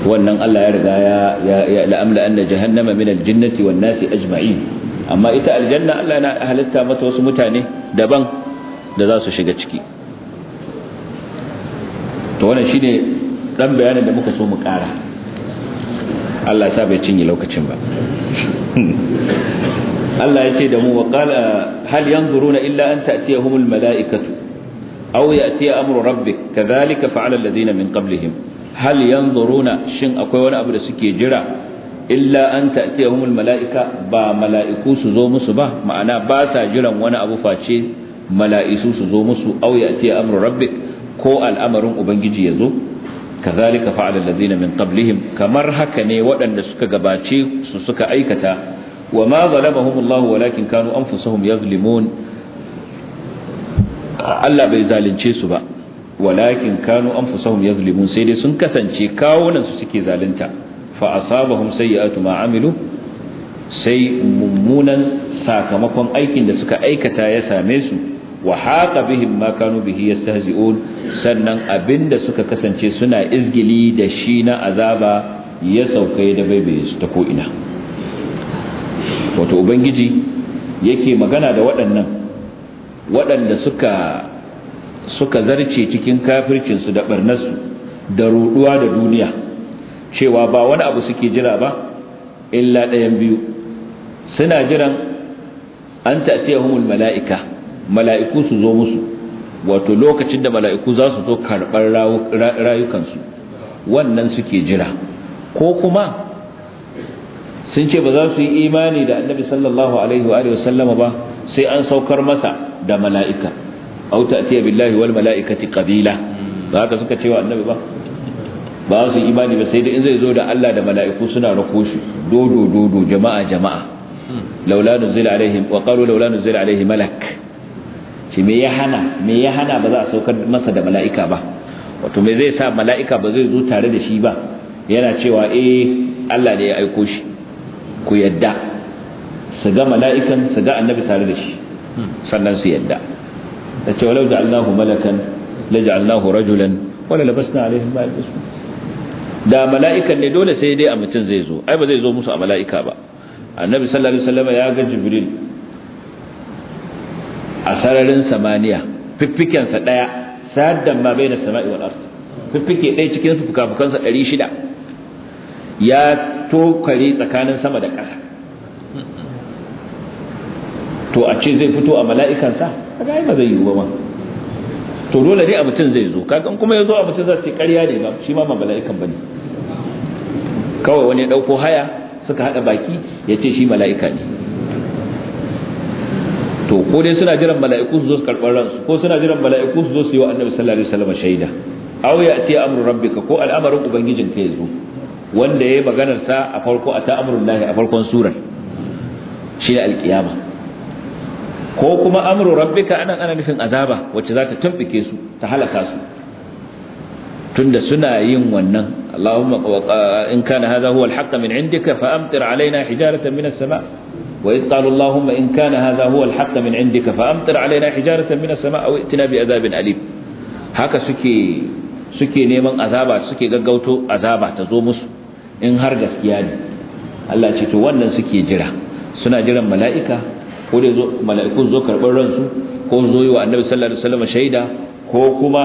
A: wannan Allah ya riga ya ya la'amla anna jahannama min aljannati wan nasi ajma'in amma ita aljanna Allah yana halitta mata wasu mutane daban da za su shiga ciki to wannan shine dan bayanin da muka so mu kara Allah ya sa bai cinye lokacin ba Allah ya ce da mu wa qala hal yanzuruna illa an ta'tiyahumul mala'ikatu aw ya'tiya amru rabbik kadhalika fa'ala alladhina min qablihim hal yanzuruna shin akwai wani abu da suke jira illa an ta'tiyahumul mala'ika ba mala'iku su zo musu ba ma'ana ba sa jiran wani abu face mala'isu su zo musu aw ya'tiya amru rabbik ko al'amarin ubangiji ya zo kadhalika fa'ala alladhina min qablihim kamar haka ne waɗanda suka gabace su suka aikata wa ma zalamahum Allah walakin kanu anfusahum yazlimun Allah bai zalunce su ba walakin kanu anfusahum yazlimun sai dai sun kasance kawunan su suke zalunta fa asabahum sayyi'atu ma amilu sai mummunan sakamakon aikin da suka aikata ya same su wa haqa bihim ma kanu bihi yastahzi'un sannan abin da suka kasance suna izgili da shi na azaba ya sauka da baibaye su ta ko'ina. wato ubangiji yake magana da waɗannan waɗanda suka suka zarce cikin kafircinsu da ɓarnarsu da ruduwa da duniya cewa ba wani abu suke jira ba illa ɗayan biyu suna jiran an humul mala'ika mala'iku su zo musu wato lokacin da mala'iku za su zo karɓar rayukansu wannan suke jira ko kuma sun ce ba za su yi imani da annabi sallallahu alaihi wa alihi sallama ba sai an saukar masa da mala'ika aw ta'tiya billahi wal mala'ikati qabila ba haka suka ce wa annabi ba ba su yi imani ba sai dai in zai zo da Allah da mala'iku suna rako shi dodo dodo jama'a jama'a laula nuzila alaihim wa qalu laula nuzila alaihi malak shi me ya hana me ya hana ba za a saukar masa da mala'ika ba wato me zai sa mala'ika ba zai zo tare da shi ba yana cewa eh Allah ne ya aiko shi ku yadda su ga mala'ikan su ga annabi tare da shi hmm. sannan su yadda da ce walau ja'alnahu malakan la ja'alnahu rajulan wala labasna alaihim ma yalbasun da mala'ikan ne dole sai dai a mutum zai zo ai ba zai zo musu a mala'ika ba annabi sallallahu alaihi wasallam ya ga jibril a sararin samaniya fiffiken sa daya saddan ma baina sama'i wal ard fiffike daya cikin fukafukan sa 600 ya kare tsakanin sama da ƙasa to a ce zai fito a mala'ikansa a ga ba zai yiwu ba to dole ne a mutum zai zo kaga kuma ya zo a mutum za su ƙarya ne ba shi ma ma mala'ikan ne kawai wani ya ɗauko haya suka haɗa baki ya ce shi mala'ika ne to ko dai suna jiran mala'iku su zo su karɓar ransu ko suna jiran mala'iku su zo su yi wa annabi sallallahu alaihi wasallam shaida aw ya ce amru rabbika ko al'amarin ubangijinka ya zo wanda ya yi maganarsa a farko a ta'amrullahi a farkon surar shi da alkiyama ko kuma amru rabbika anan ana nufin azaba wacce za ta tumbike su ta halaka su tunda suna yin wannan Allahumma in kana hadha huwa al-haqq min indika fa amtir alaina hijaratan min as-sama' wa id qalu Allahumma in kana hadha huwa al-haqq min indika fa amtir alaina hijaratan min as-sama' aw itina bi azabin alim haka suke suke neman azaba suke gaggauto azaba ta zo musu in har gaskiya ne Allah ce to wannan suke jira suna jiran mala'ika ko da mala'ikun zo karɓar ransu ko zo yi wa annabi sallallahu alaihi wasallam shaida ko kuma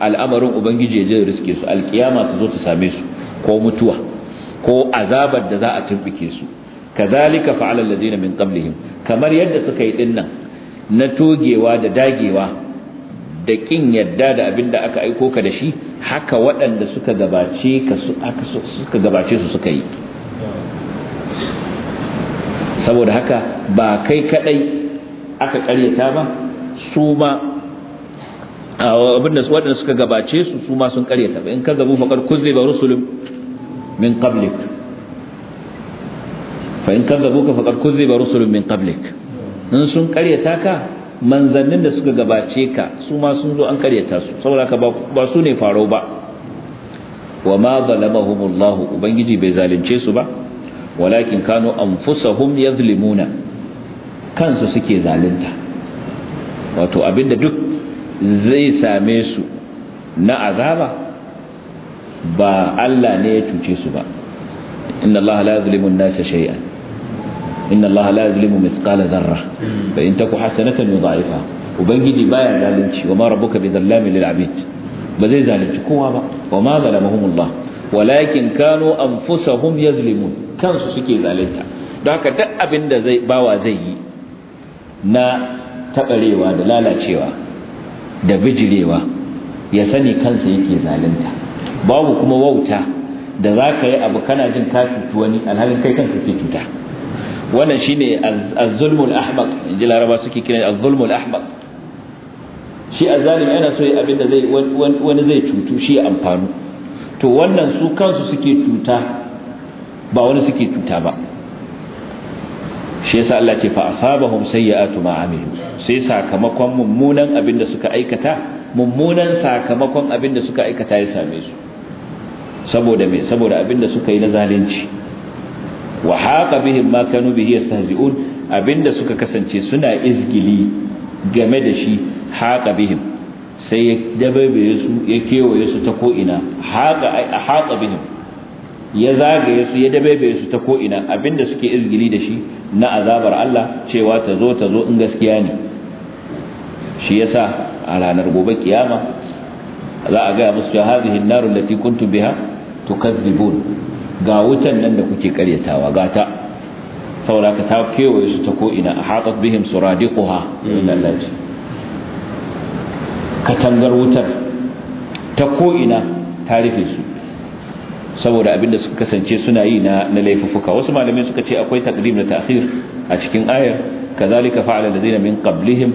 A: al'amarin ubangiji ya je riske su alkiyama ta zo ta same su ko mutuwa ko azabar da za a tumbike su kazalika fa'ala alladhina min qablihim kamar yadda suka yi dinnan na togewa da dagewa da kin yadda da abin da aka aiko ka da shi haka waɗanda suka gabace ka suka gabace su suka yi saboda haka ba kai kadai aka karyata ba su ma abinda waɗanda suka gabace su su ma sun karyata ba in ka gabu faƙar kuzle ba rusulun min qablik fa in ka gabu ka faƙar kuzle ba rusulun min qablik in sun karyata ka manzannin da suka gabace ka su ma sun zo an karyata su saboda ka ba su ne farau ba wa ma zalamahumullahu ubangiji bai zalunce su ba walakin kanu anfusahum yazlimuna kansu suke zalunta wato abinda duk zai same su na azaba ba Allah ne ya cuce su ba inna Allah la yuzlimu an-nasa shay'an inna allaha la yuzlimu mithqala dharra fa in taku hasanatan yudha'ifha ubangiji baya zalunci wa ma rabbuka bi lil abid ba zai zalunci kowa ba wa ma zalamahumullah walakin kanu anfusahum yazlimun kansu suke zalunta don haka duk abin da zai bawa zai yi na tabarewa da lalacewa da bijirewa ya sani kansa yake zalunta babu kuma wauta da za ka yi abu kana jin ka cutu wani alhalin kai kanka ke cuta wannan shine az-zulmul ahmaq inji laraba suke kiran az-zulmul ahmaq shi azalim yana so ya abinda zai wani zai cutu shi ya amfanu to wannan su kansu suke cuta ba wani suke cuta ba shi yasa Allah ce fa asabahum sayyi'atu ma amilu sai sakamakon mummunan abinda suka aikata mummunan sakamakon abinda suka aikata ya same su saboda me saboda abinda suka yi na zalunci wa haqa bihim ma kanu bihi yastahzi'un abinda suka kasance suna izgili game da shi haqa bihim sai ya dababe su ya kewaye su ta ko ina haqa haqa bihim ya zagaye su ya su ta ko ina abinda suke izgili da shi na azabar Allah cewa ta zo ta zo in gaskiya ne shi yasa a ranar gobe kiyama za a ga musu hadhihi an-nar allati kuntum biha tukazzibun ga wutan nan da kuke karyatawa ga ta saboda ka ta kewaye su ta ko'ina a haƙaƙ bihim suradiquha lallaci katangar wutar ta ko'ina ta rufe su saboda abinda suka kasance suna yi na na laifuka wasu malamai suka ce akwai taqdim da ta'khir a cikin ayar kazalika fa'ala da min qablihim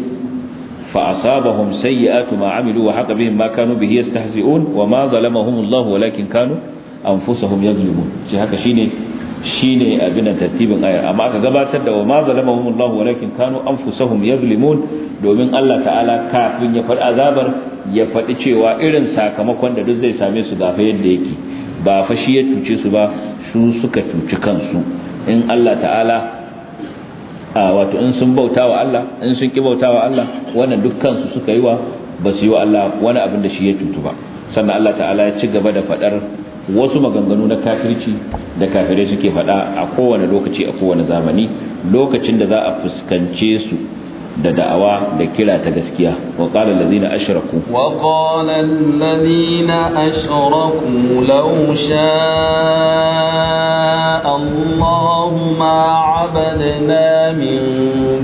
A: fa asabahum sayyi'atu ma amilu wa haqa bihim ma kanu bihi yastahzi'un wa ma zalamahum Allah walakin kanu anfusahum yazlumun shi haka shine shine abin tartibin ayar amma aka gabatar da wa ma zalamahum Allah walakin kanu anfusahum yazlimun domin Allah ta'ala kafin ya faɗi azabar ya faɗi cewa irin sakamakon da duk zai same su gafa yadda yake ba fa shi ya tuce su ba su suka tuci kansu in Allah ta'ala wato in sun bauta wa Allah in sun ki bauta wa Allah wannan dukkan su suka yi wa ba su yi wa Allah wani abin da shi ya tutu ba sannan Allah ta'ala ya ci gaba da faɗar wasu maganganu na kafirci da kafirai suke faɗa a kowane lokaci a kowane zamani lokacin da za a fuskance su da da'awa da kira ta gaskiya wa qala allazina ashraku
B: wa qala allazina ashraku law sha'a Allahu ma 'abadna min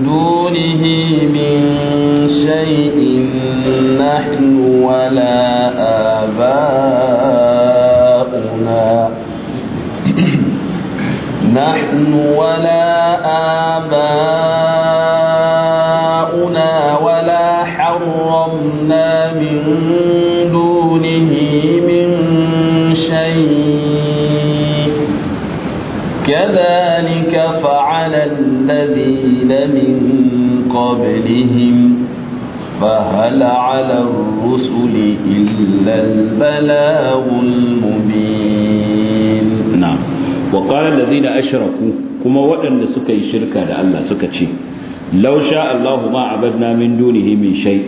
B: dunihi min shay'in nahnu wala abaa نحن ولا آباؤنا ولا حرمنا من دونه من شيء كذلك فعل الذين من قبلهم فهل على الرسل إلا البلاغ المبين na
A: waƙarar da zina ashiraku kuma waɗanda suka yi shirka da Allah suka ce Lausha Allahu ma abadna min duni min shai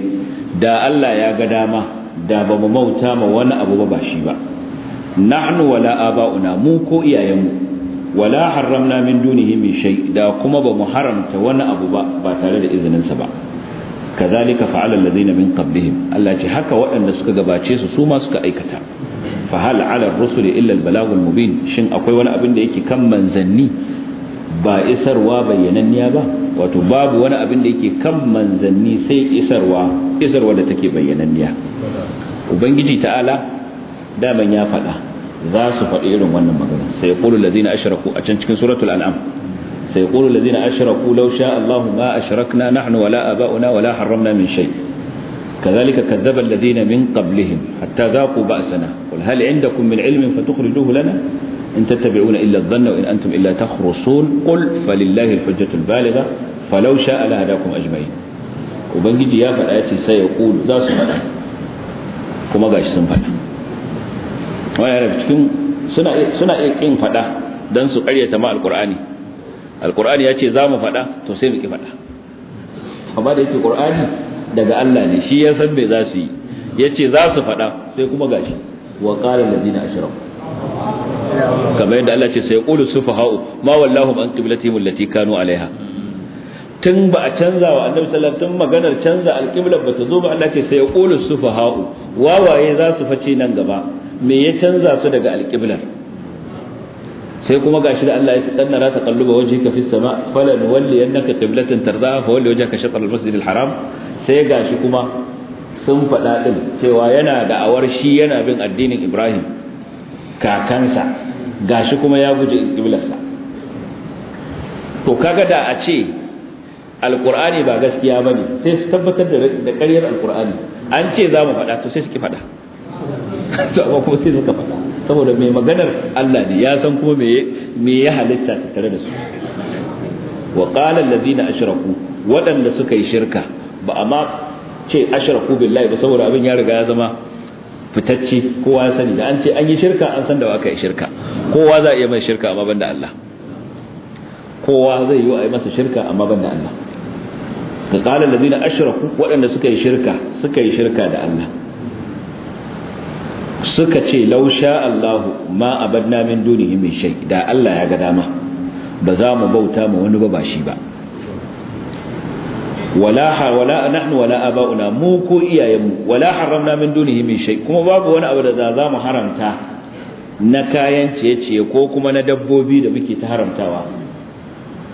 A: da Allah ya ga dama da ba mu mauta ma wani abu ba shi ba nahnu wala aba'una mu ko iyayenmu wala haramna min duni min da kuma ba mu haramta wani abu ba ba tare da izininsa ba kazalika fa'ala alladhina min qablihim Allah ce haka waɗanda suka gabace su su ma suka aikata fa hal 'ala ar-rusul illa al-balagul mubin shin akwai wani abin da yake kan manzanni ba isarwa bayyananniya ba wato babu wani abin da yake kan manzani sai isarwa isarwa da take bayyananniya ubangiji ta'ala daman ya faɗa za su faɗi irin wannan magana sai qulul ladina ashraku a can cikin suratul al'am. سيقول الذين أشركوا لو شاء الله ما أشركنا نحن ولا أباؤنا ولا حرمنا من شيء كذلك كذب الذين من قبلهم حتى ذاقوا بأسنا قل هل عندكم من علم فتخرجوه لنا إن تتبعون إلا الظن وإن أنتم إلا تخرصون قل فلله الحجة البالغة فلو شاء لهداكم أجمعين وبنجي يا فلاتي سيقول ذا سمعنا كما قاش سمعنا وأنا أعرف سنة إيه إيه إن فدا دنسوا قرية ما القرآني alqur'ani ya ce za mu faɗa to sai mu ki faɗa amma da yake qur'ani daga Allah ne shi ya san me za su yi ya ce za su faɗa sai kuma gashi wa da allazina ashraku kamar yadda Allah ce sai qulu hau ma wallahu an qiblatihim allati kanu alaiha tun ba a canza wa annabi sallallahu tun maganar canza alqiblar ba ta zo ba Allah ce sai qulu sufaha'u wawaye za su face nan gaba me ya canza su daga alƙiblar. sai kuma gashi da Allah ya tsanna ta kalluba ka fi sama falan walli annaka qiblatan tarza, fa walli wajhaka shatr al masjid al haram sai gashi kuma sun faɗa din cewa yana da'awar shi yana bin addinin Ibrahim kakansa gashi kuma ya guje qiblarsa to kaga da a ce alqur'ani ba gaskiya bane sai su tabbatar da ƙaryar alqur'ani an ce za mu faɗa to sai su ki faɗa to amma ko sai suka faɗa saboda mai maganar Allah ne ya san kuma me ya halitta tare da su wa qala alladhina ashraku waɗanda suka yi shirka ba amma ce ashraku billahi ba saboda abin ya riga ya zama fitacce kowa ya sani da an ce an yi shirka an san da aka yi shirka kowa za a iya mai shirka amma banda Allah kowa zai yi wa masa shirka amma banda Allah ka qala allazina ashraku waɗanda suka yi shirka suka yi shirka da Allah suka ce lausha Allahu ma abad namin duniya mai shai da Allah ya ga dama ba za mu bauta ma wani ba ba ba wala ha wala nahnu wala abauna mu ko iyayenmu wala haramna min dunihi min shay kuma babu wani abu da za mu haramta na kayan ciye-ciye ko kuma na dabbobi da muke ta haramtawa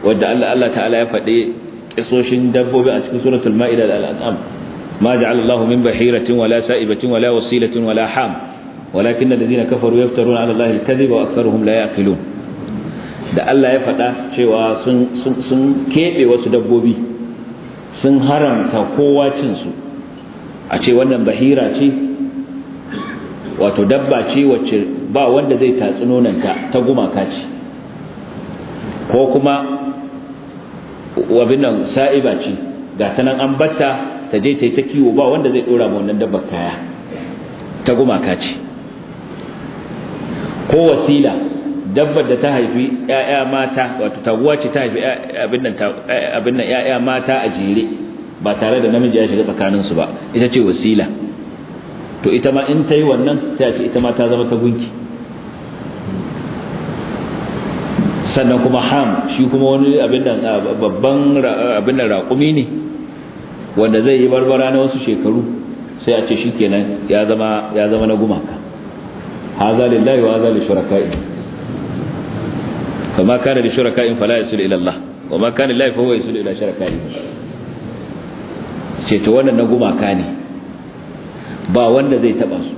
A: wanda Allah Allah ta'ala ya faɗi kisoshin dabbobi a cikin suratul ma'ida da al-an'am ma ja'ala Allahu min bahiratin wala sa'ibatin wala wasilatin wala ham walakin alladhina kafaru yaftaruna ala allahi alkadhiba wa aktharuhum la yaqilun da Allah ya faɗa cewa sun sun kebe wasu dabbobi sun haramta kowa cin su a ce wannan bahira ce wato dabba ce wacce ba wanda zai tatsi nonanta ta gumaka ce ko kuma wabin nan sa'iba ce ga ta nan an batta ta je ta yi ta kiwo ba wanda zai dora ma wannan dabba kaya ta gumaka ce ko wasila dabbar da ta haifi ƴaƴa mata wato taguwa ce ta haifi abin nan abin nan ƴaƴa mata a jere ba tare da namiji ya shiga tsakanin su ba ita ce wasila to ita ma in ta yi wannan sai ce ita ma ta zama ta gunki sannan kuma ham shi kuma wani abin nan babban abin nan raƙumi ne wanda zai yi barbara na wasu shekaru sai a ce shikenan ya zama ya zama na gumaka هذا لله وهذا haza فما كان kama فلا li shuraka'in الله وما كان لله فهو ma kana lillahi fa huwa wannan na gumaka ne ba wanda zai taba su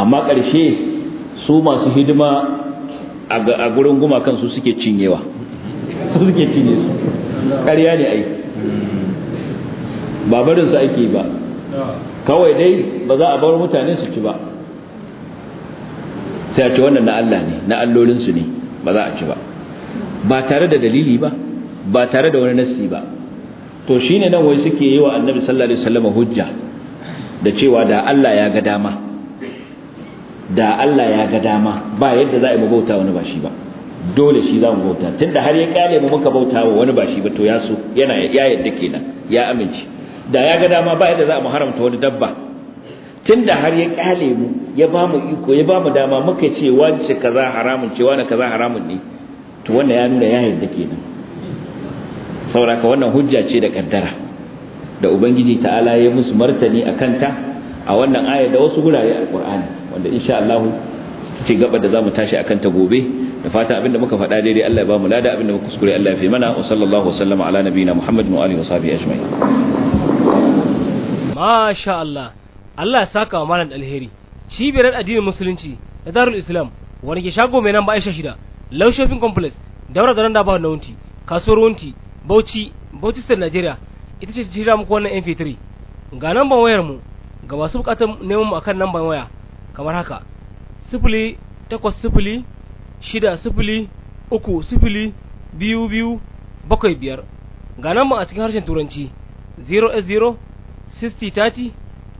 A: amma karshe su masu hidima a gurin gumakan su suke cinyewa su suke cinye su ƙarya ne ai ba barinsu ake ba kawai dai ba za a bar mutane su ci ba
C: sai a ce wannan na Allah
A: ne na allolinsu ne ba za a ci ba ba tare da dalili ba ba tare da wani nassi ba to shine nan wai suke yi wa annabi sallallahu alaihi wasallam hujja da cewa da Allah ya ga dama da Allah ya ga dama ba yadda za a yi bauta wani ba shi ba dole shi za mu bauta tunda har ya kyale mu muka bauta wa wani ba shi ba to ya so yana ya yadda kenan ya amince da ya ga dama ba yadda za mu haramta wani dabba tunda har ya kyale mu ya ba mu iko ya ba mu dama muka ce wance kaza haramun ce wani kaza haramun ne to wanda ya nuna ya yarda kenan saboda ka wannan hujja ce da kaddara da ubangiji ta'ala ya musu martani a kanta a wannan aya da wasu gurare alqur'ani wanda insha Allah ce gaba da zamu tashi akan ta gobe da fata abinda muka faɗa daidai Allah ya ba mu lada abinda muka kuskure Allah ya fi mana wa sallallahu wasallama ala nabiyina Muhammadin wa alihi wa sahbihi ajma'in masha Allah Allah ya saka wa malam alheri cibiyar addinin musulunci da darul islam wani ke shago mai nan ba aisha shida low shopping complex daura da randa ba na wunti kasuwar wunti bauchi bauchi da nigeria ita ce jira muku wannan mp3 ga namban wayar mu ga masu bukatar neman mu akan namban waya kamar haka sifili takwas shida biyu biyu bakwai biyar ga namban a cikin harshen turanci 0 0 6030.